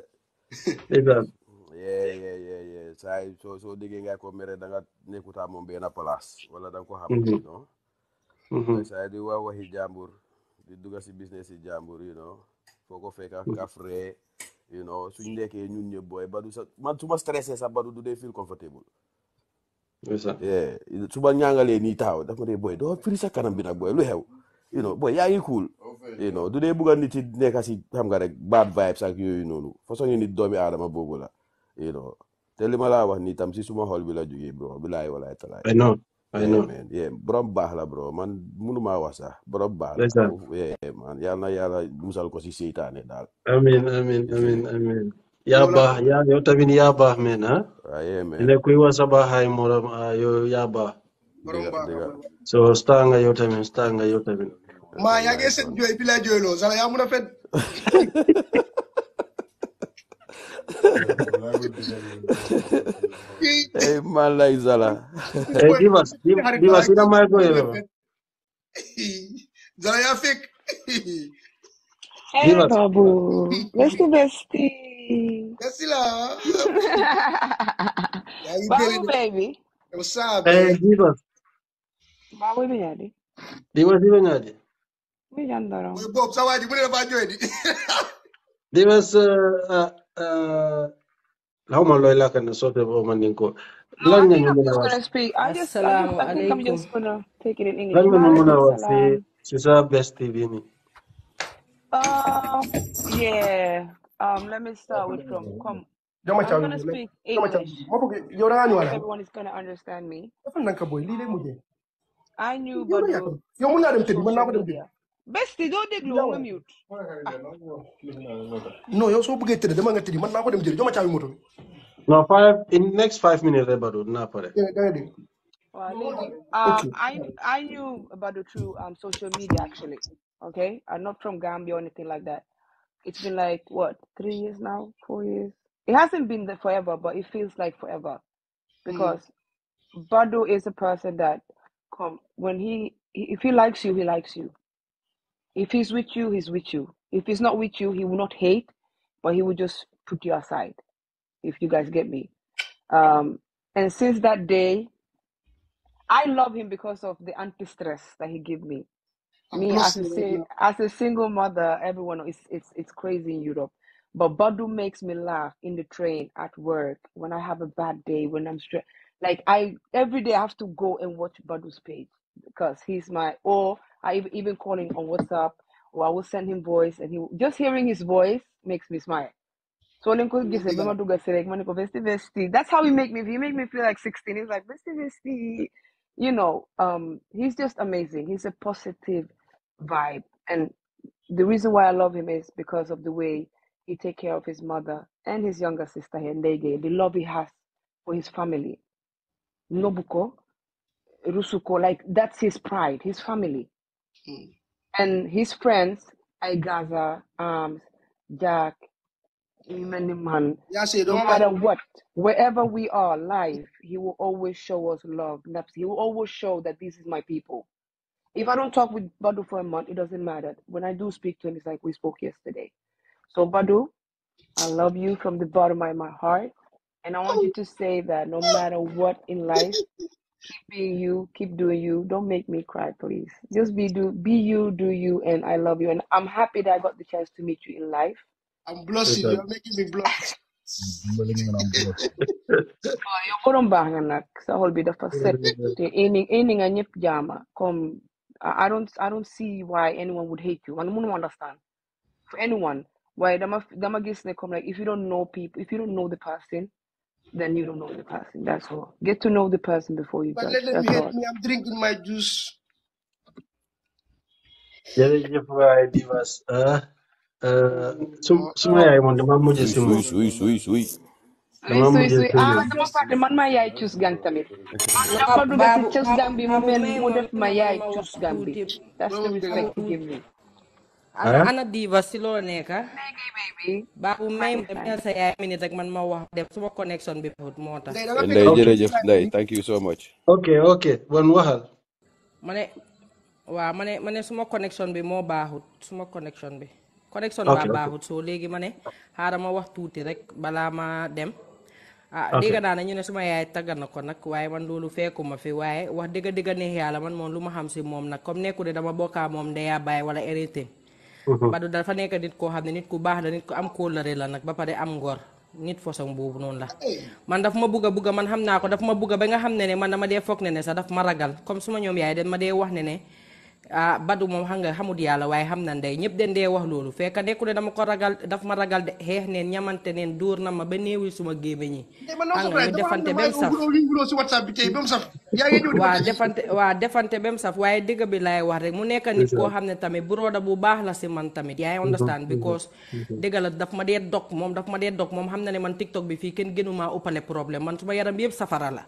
yeah yeah yeah yeah soo soo déggee nga ko mere da nga nekkutaa moom benn place wala da nga ko xam mm-hmm. mm-hmm. di wax waxi jàmbur di dugg si business yi jàmbur you know foo ko fekk ak kafre mm-hmm. you know suñ nekkee ñun booy badu sa man su ma stressé sax badu du dee feel comfortable su nii taxaw dafa ma dee booy doo firi sa kanam bi nag booy lu xew you know booy yaa ngi cool you know du dee bugg a nit yi nekk si xam nga rek bad vibes ak yooyu noonu façon nit doomi aadama boobu la you know te li ma laa wax nii tam si suma xol bi la jógee bro bilaay walaay talaay. I know I know borom baax la bro man munu maa wax sax ah. borom baax la. man yal na yàlla ah, musal ko si seytaane daal. amiin amiin amiin amiin. yaa baax yaa yow tamit yaa baax meen ah. waaye ah, meen ne kuy wax sa baaxaay morom yow yaa baax. borom baax so star nga yow tamit star nga yow tamit. maa yaa ngi seen jooy bi laa jooyloo sala yaa mun a fen. es é mala Isala. Es divasina más nuevo. zayafik fake. É, Babu. Veste o vesti. Desce lá. Vamos, baby. Eu sabe. É, divas. Vamos, Milhade. Divas e Milhade. Milhade, Dorão. Bob, saudade. Mulher, vai, Joedi. Divas, Uh, Homa lo ilaka na sote wa mandinko. No, I Lanya think I'm just gonna speak. I just, I, I am just gonna take it in English. muna Wa si Waalaikumsalam. sisa best TV ni. Um, yeah. Um, let me start with from come. I'm gonna speak English Mapo ke everyone is gonna understand me. I knew Yora ya Badu ka. Yo muna da through mutane, bés don't déglu nga mute. you yow soo bëggee tëdd dama nga tëdd man naa ko dem jëli jox ma moto five in next five minutes rek Badou dinaa pare. um, I I knew about through um, social media actually. Okay, I'm not from Gambia or anything like that. It's been like what three years now, four years. It hasn't been there forever, but it feels like forever mm-hmm. because mm. Badu is a person that come when he if he likes you, he likes you. If he's with you, he's with you. If he's not with you, he will not hate, but he will just put you aside, if you guys get me. Um, and since that day, I love him because of the anti stress that he gave me. Me as a, sing, as a single mother, everyone is it's it's crazy in Europe. But Badu makes me laugh in the train, at work, when I have a bad day, when I'm stressed. Like I every day I have to go and watch Badu's page because he's my or oh, I even call him on WhatsApp, or I will send him voice, and he just hearing his voice makes me smile. So when he gives me to get select money vesti vesti. That's how he make me. He make me feel like sixteen. He's like vesti vesti. You know, um, he's just amazing. He's a positive vibe, and the reason why I love him is because of the way he take care of his mother and his younger sister Hendege, the love he has for his family. Nobuko, Rusuko, like that's his pride, his family. Mm. And his friends, I gather, um, Jack, man. yeah, so no matter what, wherever we are life, he will always show us love. He will always show that this is my people. If I don't talk with Badu for a month, it doesn't matter. When I do speak to him, it's like we spoke yesterday. So, Badu, I love you from the bottom of my heart. And I want you to say that no matter what in life, keep being you, keep doing you. Don't make me cry, please. Just be do be you, do you, and I love you. And I'm happy that I got the chance to meet you in life. I'm blushing. You're making me blush. you borom baax nga nag sa xol will be the first. indi indi nga ñëpp jaama Come, I don't I don't see why anyone would hate you I don't understand for anyone why dama dama gis ne comme like if you don't know people if you don't know the person then you don't know the person. That's all. Get to know the person before you but judge. Let me get me. I'm drinking my juice. Sui sui sui. Ah, man gang tamit. gang gang That's the respect you give me. ana ana diva si loo nekka ah? baabu may ma sa yaay minute rek man ma wax dem suma connection bi foofu moo tax ndey jërëjëf ndey thank you so ok ok bon waxal ma ne waaw ma ne ma ne suma connection bi moo baaxut suma connection bi connection baa baaxut soo léegi ma ne xaaral ma wax tuuti rek balaa ma dem ah dégg naa ne ñu ne suma yaay taggat na ko nag waaye man loolu fekkuma fi waaye wax dëgg dëgg neex yàlla man moom lu ma xam si moom nag comme nekku de dama bokkaa moom ndeyaa bàyyi wala hérité Mhm. Badou dafa nekk nit koo xam ne nit ku baax la nit ku am kóllëre la nag ba pare am ngor nit façon boobu noonu la man daf ma bugg a bugg man xam naa ko daf ma bugg ba nga xam ne ne man dama dee foog ne ne sax daf ma ragal comme suma ñoom yaay dañ ma dee wax ne ne ah badu moom xam nga xamut yàlla waaye xam na ndey ñëpp den dee wax loolu fekk nekku ne dama ko ragal daf ma ragal de xeex neen ñamante neen dóor na ma ba néewil suma gémmiñ ñi xam nga ñu defante ba mu saf waa defante waa defante ba mu saf waaye dëgg bi laay wax rek mu nekk nit koo xam ne tamit broda bu baax la si man tamit yaay understand because dëgg la daf ma dee dog moom daf ma dee dog moom xam na ne man TikTok bi fii kenn gënumaa uppale problème man suma yaram yëpp safara la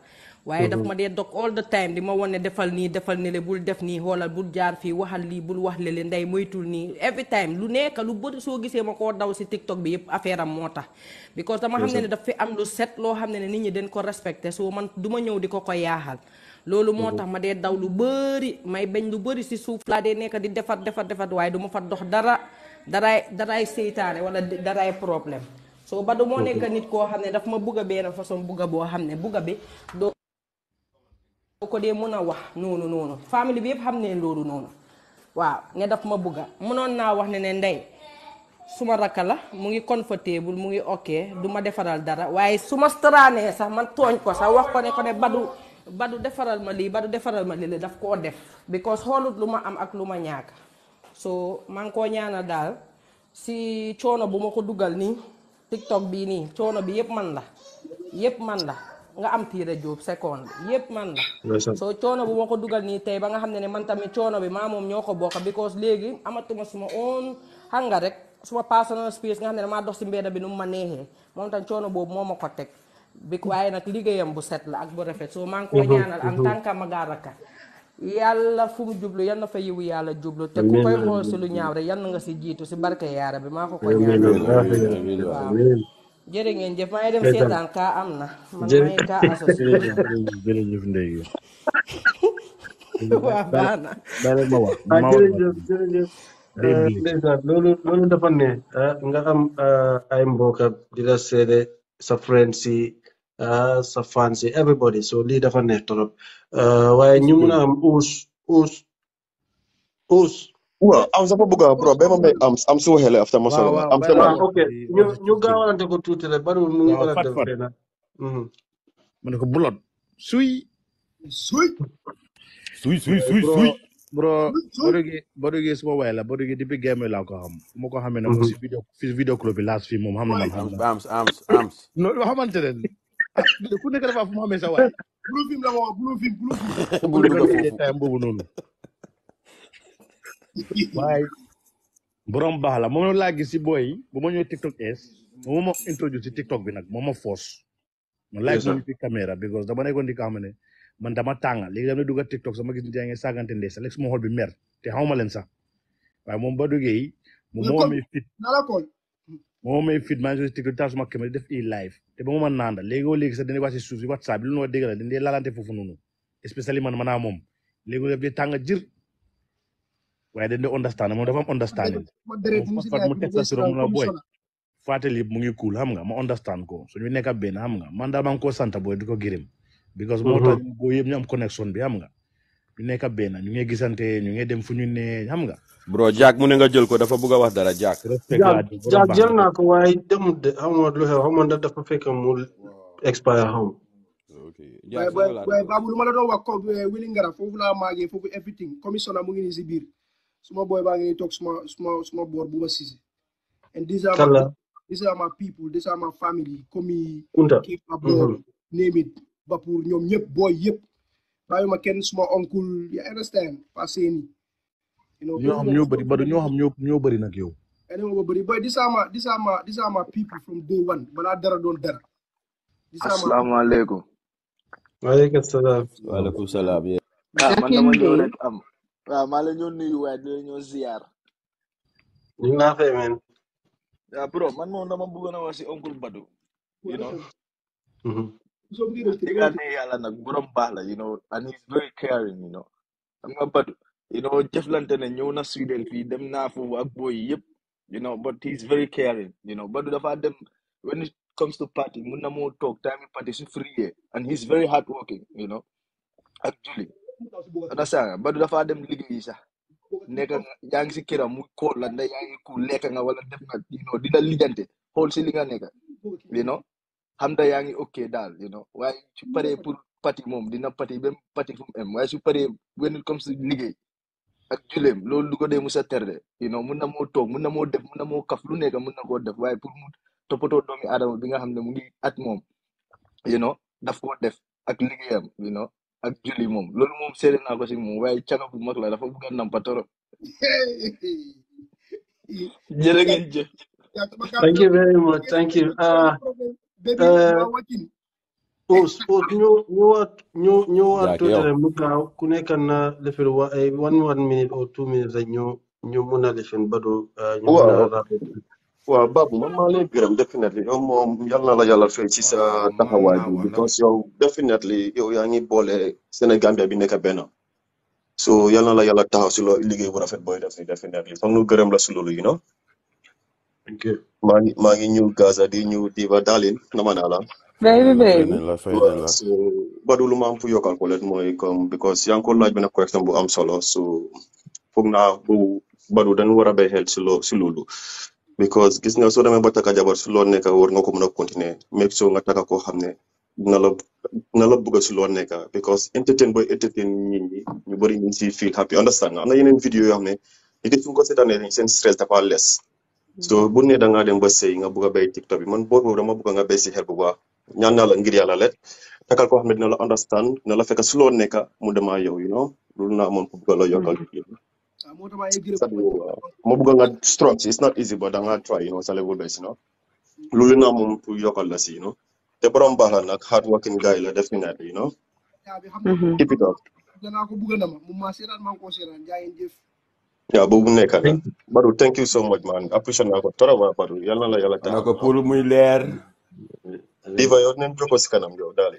waye mhm. dafa ma dee dog all the time di ma won defal ni defal ni le bul def ni holal bul jaar fi waxal li bul wax le ndey moytul ni. every time lu nekk lu bëri so gisee mako daw si TikTok bi yep affaire am motax because dama xam ne ne daf fi am lu set lo xam ne nit ñi den ko respecté so man duma ñew diko ko ko yaaxal loolu mhm. ma dee daw lu beuri may bañ lu beuri si souf la dee nekk di defat defat defat. waye duma fa dox dara daraay daraay seytaane wala daraay problème so ba du moo mhm. nekk nit ko xam ne daf ma bëgg a façon bëgg bo xam bëgg bi do ko de mën wax nonu nonu family bi yeb xamne lolu nonu waaw ne daf ma bëgga mënoon na wax ne ne nday suma rakala mu ngi confortable mu ngi oké duma defaral dara waye suma strané sax man togn ko sax wax ko ne ko ne badu badu defaral ma li badu defaral ma li daf ko def because holut luma am ak luma so man ko ñaana si choono bu ma ko ni tiktok bi ni choono bi yeb man la yeb man la nga am tiire Diop seconde yépp man la soo coono bu ma ko dugal nii tey ba nga xam ne ne man tamit coono bi maa moom ñoo ko bokk because léegi amatuma suma own xam nga rek suma personal space nga xam ne damaa dox si mbedd bi nu mu ma neexee moom tam coono boobu moo ma ko teg bi waaye nag liggéeyam bu set la ak bu rafet soo maa ngi ko mhm, ñaanal en mhm. tant que magaaraka yàlla fu jublu yal na fa yiwu yàlla jublu te ku koy xool si lu ñaaw rek yal na nga si jiitu si barke yaara bi maa jërë jëf maa ngi dem seetaan kaa am na. man maa ngi kaa asos. jërëjëf ndey na. ma wax ma wax jërëjëf jërëjëf. Eh, ndeysaan loolu loolu dafa ne eh, nga am eh, ay mbokk di la seede sa friends yi sa everybody so lii dafa neex trop waaye ñu mun a am uus well, I was about to go, bro. I'm I'm so hell after my wow, wow, I'm telling wow, you. Okay, you you go on to go to the but we need to go to Mhm. Mana ko bulat. Sui. Sui. Sui sui sui sui. Bro, baru ge baru ge semua wala, baru ge dipi game la ko ham. Mo ko hamen ko si video fi video club last film mom ham na ham. Arms, arms, arms, arms. No, haman teren. Ah, Ku ne kala fa mo hamen sa wala. Blue film la mo, blue film, blue film. Blue film. Time bobu nonu. waaye borom baax la moom laa gi si booy yi bu ma ñëwee TikTok es moom moo introduce si TikTok bi nag moom ma force. man laaj moom because dama nekkoon di ko xam ne man dama tàng léegi dama dugg TikTok sama gis nga saagante ndey sa léegi sama xol bi mer te xaw ma leen sax waaye moom ba duggee moom moo may fit moo may fit maa ngi si TikTok def i live te ba mu mën naan léegoo léegi sax dañuy wax si suuf si WhatsApp bi lu ñu war a dégg la man maanaam moom léegi daf di tàng jir waaye dañ di understand moom dafa am understand mu teg sa suram la booy fàttali mu ngi cool xam nga ma understand ko suñu nekk ab benn xam nga man daal maa ngi koo sant booy di ko gërëm because moo tax mhm. boo yëpp ñu am connexion bi xam nga ñu nekk ab benn ñu ngi gisante ñu ngi dem fu ñu ne xam nga bro Jack mu ne nga jël ko dafa bëgg a wax dara Jack Jack jël naa ko waaye dem de xamoon lu xew xamoon dafa fekk mu expire xaw waaye baabu lu ma la doon wax ko eh, Willy Ngara foofu laa maagee foofu everything commissioner mu ngi nii si biir suma boy ba ngay tok suma suma suma boor Buba sisi and these are my, these are my people these are my family komi keep my bor mm -hmm. name it pour ñom ñep boy yep. bayuma kenn suma uncle you understand passé ni you know ñoo xam ñoo bëri ba ñoo xam ñoo ñoo bari nak yow ene mo bari boy these are my these are my these are my people from day one bala dara don dara alaykum assalam wa alaykum assalam yeah. man dama ñëw rek am Waaw ah, maa la ñoo nuyu waaye di la ñoo ziar. ñu man. Yeah, bro man moom dama bëggoon a wax si oncle Badou. you know. di nga ne yàlla nag borom baax la you know and he's very caring you know. But you know Jeff ne and na Sweden fii dem naa foofu ak boy yëpp you know but he's very caring you know Badou dafa them when it comes to party mun na moo talk time party is free eh. and he's very hardworking, you know Actually. understand Badou dafaa dem liggéeyi sax nekk yaa ngi si këram mu kóol la nda ku lekk nga wala def nga you know di la lijjante xool si li nga nekk you xam da yaa ngi ok daal you know waaye su paree pour pati moom dina pati ba pati fu mu em waaye su paree when it comes liggéey ak juleem loolu du ko dee musa terde you know mun na moo toog na moo def mun na kaf lu nekk mun na koo def waaye pour mu toppatoo doomi aadama bi nga xam ne mu ngi at moom you know def ak liggéeyam you ak julli moom loolu moom seede naa ko si moom waaye caga bu mag la dafa bëgg nampa torop jërë ngeen jëf thank you very much thank you uh, uh, us us ñu ñu waat ñu ñu waat tuuti mu gaaw ku nekk na lifin wa ay eh, one one minute or two minutes rek ñu ñu mun a lifin ba uh, ñu mun a waaw babu, man maa lay definitely yow oh, yang yal na la yàlla sa taxawaay bi because yo definitely yo yang ngi boleh Sénégambia bi nekk so yang na la yàlla taxaw si loolu bu ni definitely foog nu gërëm la you know Thank you. maa ngi Gaza di ñëw Diva Dalin, nama naa baby baby so badu lu ma am fu yokkal eh, ko because yaa ngi ko laaj benn question bu am solo so foog naa bu badu dan war a silo silulu. because gis nga soo demee ba takka jabar su loo nekk war nga ko mën continuer make sure nga takka koo xam ne dina la dina la bëgg su loo nekk because entertain boy entertain nit ñi ñu bëri ñu ngi feel happy understand nga am na yeneen vidéo yoo xam ne nit yi su ko seetaanee seen stress dafa less hmm. so bu ne da ngaa dem ba sëy nga bëgg a bay tiktok bi man boor boobu dama bëgg nga bay si xel bu baax ñaan naa la ngir yàlla let takkal koo xam ne la understand dina la fekk su loo nekk mu demaa yow you know loolu naa amoon ko bëgg la yokkal uh, uh, ma nga strokes it's not easy but da try you know sa level best you know lulu na moom pour yokkal la si you know te borom baax la nag hard working guy la definitely you know mm-hmm. keep it up yaa boobu nekk na ko Badou thank you so much man appreciate naa ko trop waa Badou la yàlla tax. na ko pour muy leer. diva yow nañ jokkoo si kanam yow daal.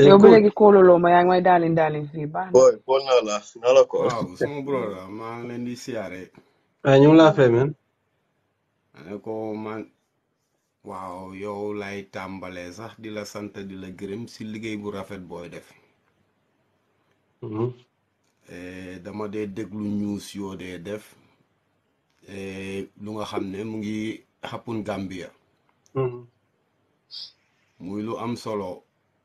yow ba léegi kóoluloo ma yaa may daalin daalin booy kóol naa la naa la kóol. waaw sama bro maa ngi leen siyaare. ah ñu ngi laa fay man. ma ne ko man waaw yow lay tàmbalee sax di la sant di la gërëm si liggéey bu rafet booy def. Mm-hmm. Eh, dama dee déglu news yoo dee def eh, lu nga xam ne mu ngi xappun Gambia. Mm-hmm. muy lu am solo.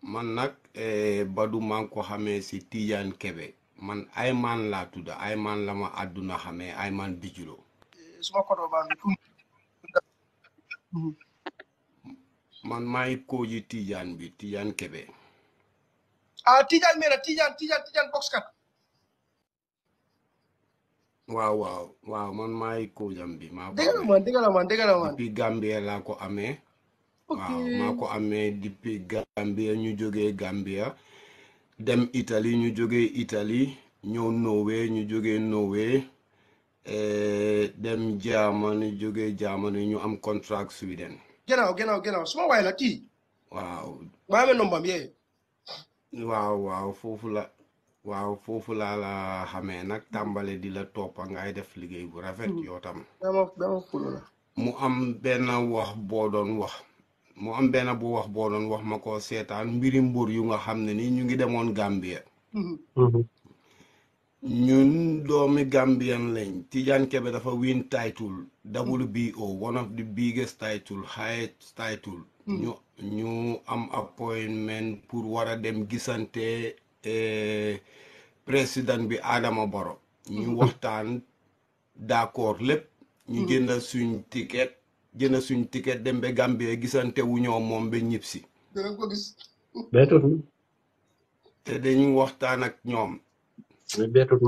man nag eh, badu maa ngi ko xamee si Tidiane Kebe man la laa tudd Ayman la ma àdduna xamee Ayman Bijulo. man maay mhm. ji Tidiane bi Tidiane Kebe. ah Tidiane mera Tidiane Tidiane Tidiane boxkat. waaw waaw waaw man maay koojam bi. ma ko dëgg man dëgg la man dëgg la man. depuis Gambie laa ko waaw maa ko amee depuis Gambia ñu jógee Gambia dem Italie ñu jógee itali ñëw Norway ñu jógee Norway eh, dem Germany jógee Germany ñu am contract Sweden. gannaaw gannaaw gannaaw suma waay la kii. waaw. waaw waaw foofu la. waaw foofu laa la xamee nag tàmbale di la toppa ngay def liggéey bu rafet. Hmm. yoo mu am benn wax boo doon wax. mu am benn bu wax boo doon wax ma ko seetaan mbiri mbur yu nga xam ne ni ñu ngi demoon Gambia mhm. ñun doomi Gambian lañ Tijaan Kebe dafa win title WBO one of the biggest title highest title mhm. ñu ñu am appointment pour war a dem gisante eh, président bi aadama Barrow ñu mhm. waxtaan d'accord lépp ñu jëndal suñ ticket jënd suñ ticket dem ba Gambie gisante wu ñoo moom ba ñib si. ko gis. te dañu waxtaan ak ñoom.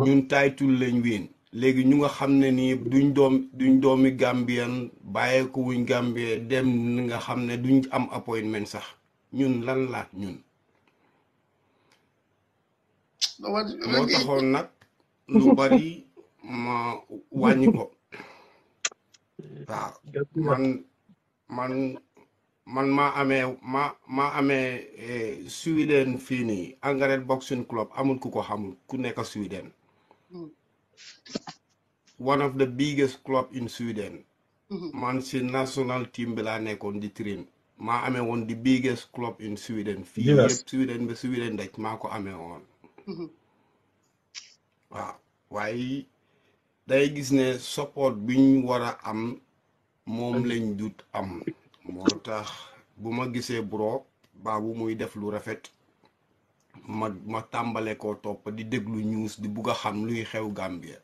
ñun taytul lañ wiin. léegi ñu nga xam ne nii duñ doom duñ doomi Gambien bàyyeeku wuñ Gambie dem nga xam ne duñ am appointment sax ñun lan laat ñun. moo taxoon nag. lu bari ma wàññi ko. aa man man man maa amee ma maa amee eh, Sweden fii nii Angared Boxing Club amul ku ko xamul ku nekk Sweden mm-hmm. one of the biggest club in Sweden mm-hmm. man si national team bi laa nekkoon di train maa ame woon di biggest club in Sweden fii yëpp Sweden ba Sweden daj maa ko amee woon mm-hmm. waaye day gis ne support bi ñu am moom lañ dut am moo tax bu ma gisee bro baabu muy def lu rafet ma ma tàmbale koo topp di déglu news di bugg a xam luy xew Gambia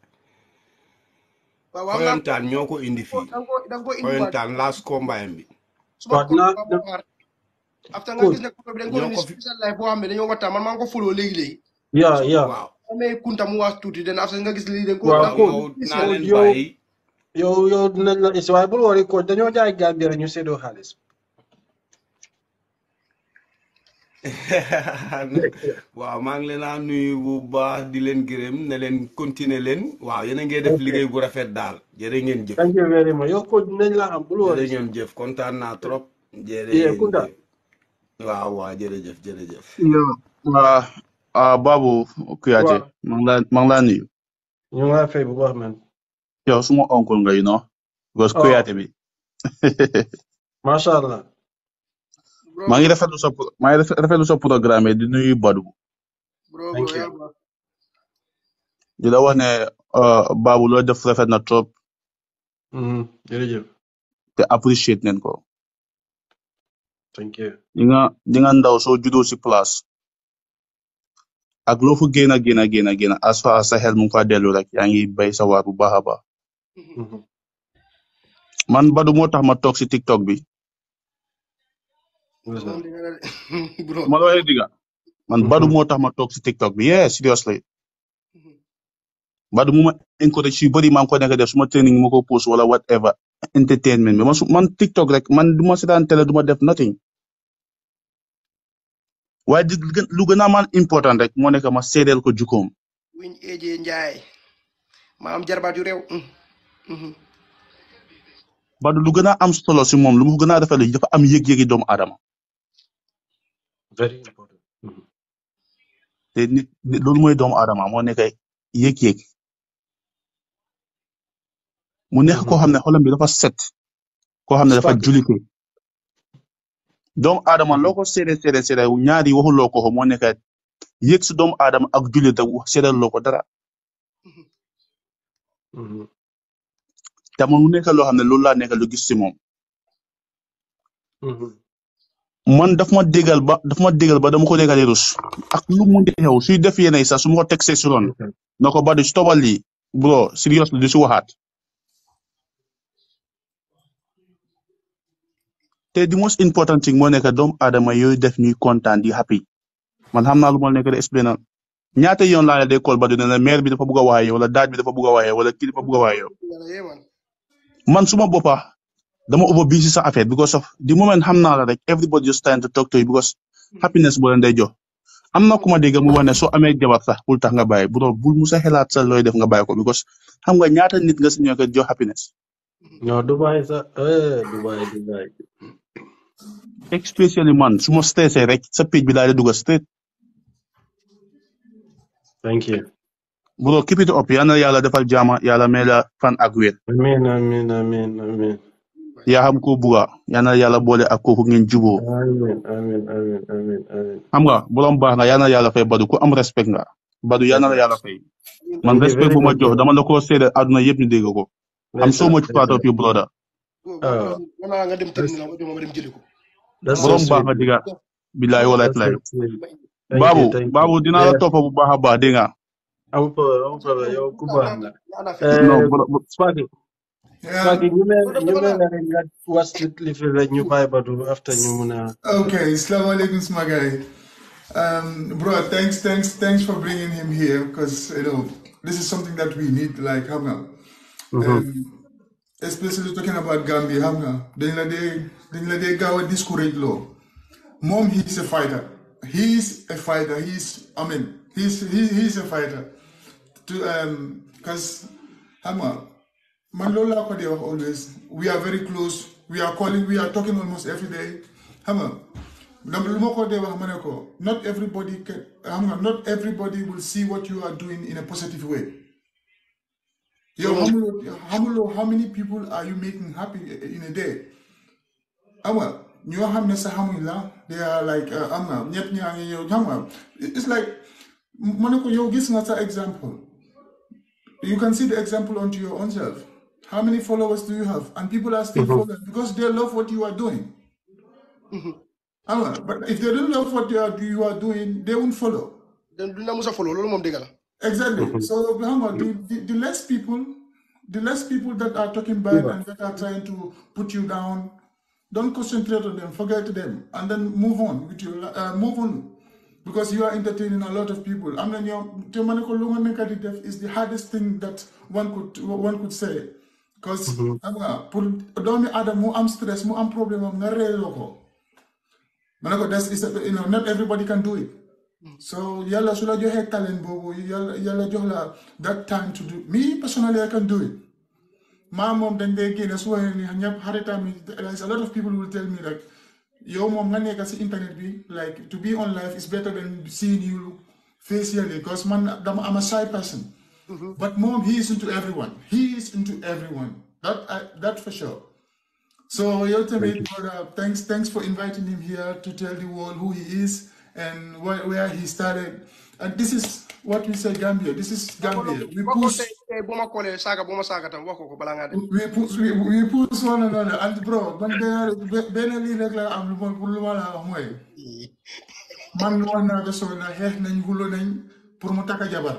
xoyantaan ñoo indi fii xoyantaan laas kombaayam bi after nga gis ne ko bi dañ ko ni special life boo xam ne dañoo man maa ko follow léegi léegi yaa yaa amee kunta mu waas tuuti den after nga gis lii dañ ko naa leen bàyyi yow yow dinañ la is waaye bul wari ko dañoo jaay Gambia rek ñu séddoo xaalis waaw maa ngi leen a nuyu bu baax di leen gërëm ne leen continuer leen waaw yéen a ngee def liggéey bu rafet daal jërë ngeen jëf thank you very much yow ko dinañ la am bul wari jërë ngeen jëf kontaan na trop jere jërë ngeen jëf waaw waaw jërëjëf jërëjëf ah, ah, waaw Babou Kuyaate maa ngi laa nuyu ñu ngi laa fay bu baax man yow suma oncle nga you know because bi macha allah. bro maa ngi rafetlu sa maa ngi rafetlu sa programme di nuyu Badu. bro bro yàlla. la wax ne Babou def rafet na trop. jërëjëf. te appreciate nañ ko. thank you. di nga di ndaw soo juddoo si place. ak loo fu génn a génn a génn a génn as sa xel mu ngi fa rek yaa ngi bay sa waar baax. Mm-hmm. Mm-hmm. man badu moo tax ma tok si tiktok bi ma looy diga man mm-hmm. badu moo tax ma tok si tiktok bi yeah seriously badu mu ma encourage yu bëri maa ko nga def suma training mako post wala whatever entertainment bi man man tiktok rek man duma seetaan tele duma def nothing Why di lu gëna man important rek moo nekk ma sédel ko jukom wiñ ndjay ma maam jarbaat yu ba lu gën a am solo si moom lu mu gën a rafetlu dafa am yëg-yëgi doomu adama very te nit loolu mooy doomu aadama moo nekk yëg-yëg. mu nekk koo xam ne xolam bi dafa set. koo xam ne dafa julite. doomu adama loo ko seede seede seede ñaari waxuloo ko moo nekk yëg si doomu aadama ak julite seedaloo ko dara. Mm-hmm. te man mu nekk loo xam ne loolu laa nekk lu gis si moom. Mhm. man daf ma déggal ba daf ma déggal ba dama ko nekk di rus ak lu mu si suy def yenn yi sax su ma teg see si ron na ko ba du si tobal lii bro serious si waxaat. te the most important thing moo nekk doomu aadama yooyu def ñuy kontaan di happy man xam naa lu ma nekk di expliqué ñaata yoon laa ne day kool ba du ne bi dafa bugg a wala daaj bi dafa bugg a wala kii dafa bugg a man suma boppa dama over busy sa affaire because of the moment xam naa la rek everybody just trying to talk to you happiness boo leen day jox am na ku ma dégg mu wax ne soo amee jabar sax bul tax nga bàyyi bu doon bul musa xelaat sa looy def nga bàyyi ko because xam nga ñaata nit nga si ñoo ko jox happiness. non Dubai sax eh Dubai Dubai. especially man su ma stressé rek sa page bi daal di dugg straight. Bro, keep it up. Yana yalla defal jama, yalla mela fan ak wér. Amin, amin, amin, amin. yaa xam ko buga yana yalla bolé boole ak kooku ngeen juboo amin amin amin amin amen xam nga borom bax nga yana yalla fay badu ku am respect nga badu yana yalla fay man respect bu ma jox dama la ko seede aduna yépp ñu dégg ko am so much part of you brother ah. ah. wana nga dem terminal ba dem nga diga billahi babu babu dinaa la topa bu baax ba baax nga Ocupa, ocupa, ocupa. No, but, but Okay, Islam alaikum Smagari. Um, bro, thanks, thanks, thanks for bringing him here because you know this is something that we need, like Hamna, mm mm-hmm. um, especially talking about Gambia. Hamna, then let they, then la day, gawa discourage law. Mom, he's a fighter. He's a fighter. He's, I mean, he's he, he's a fighter to um because Hammer, Manlola Kodewa always, we are very close, we are calling, we are talking almost every day. Hammer. Not everybody can, not everybody will see what you are doing in a positive way. Yo, how many people are you making happy in a day? Hammer, you xam ne sax they are like uh, it's like ma ne ko yow gis you can see the example onto your own self. How many followers do you have? And people are still mm -hmm. following because they love what you are doing. Mm -hmm. but if they don't love what you are, you are doing, they won't follow. Exactly. Mm-hmm. So hang on, the, the, the, less people, the less people that are talking bad yeah. and that are trying to put you down, don't concentrate on them, forget them, and then move on with your uh, move on because you are entertaining a lot of people I mean, your te ma ne di def is the hardest thing that one could one could say because mm-hmm. xam don't me aadama mu am stress mu am problem am nga reeloo ko ma ne is you know not everybody can do it mm. so yàlla su la joxee talent bobo. yàlla yàlla jox la that time to do me personally I can do it My mom then they génne as well. ni ñëpp time. mi a lot of people will tell me like yow moom nga nekk si internet bi like to be on live is better than seeing you facially because man dama am a shy person. Mm-hmm. but mom he is into everyone he is into everyone that that for sure. So yow tamit thanks thanks for inviting him here to tell the world who he is and where he started and this is what we say Gambia. This is Gambia. We push. We push. We, we push one another. And bro, when man, benali regla am lumon pulumala amoy. Man luan na kaso na heh nang gulo nang purmuta ka jabar.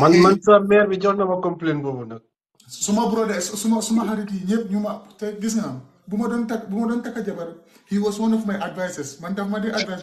Man man sir, mayor bi jol na ma complain bobu nak. Suma brother, suma suma harit yi ñep ñu ma te gis nga bu ma don tak bu ma don tak jabar. He was one of my advisors. Man daf ma di advice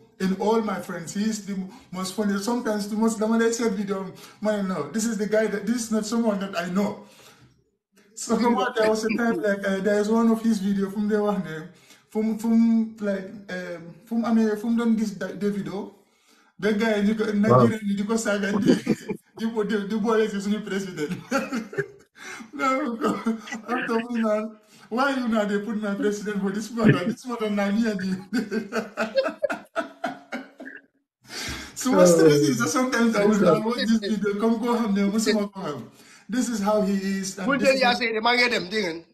in all my friends. He's the most funny. Sometimes the most dominated video. Man, no, this is the guy that this is not someone that I know. So there was a time like uh, there is one of his video from the one uh, from from like um, from I mean from done this the video. The guy you go Nigerian you go saga the the the boy is new president. no, I'm talking now. Why you now they put my president for this mother? This mother now here. So what's oh, the message that sometimes I will download this video, come go have them. what's wrong? my problem? This is how he is. Put did you say the man get them thing?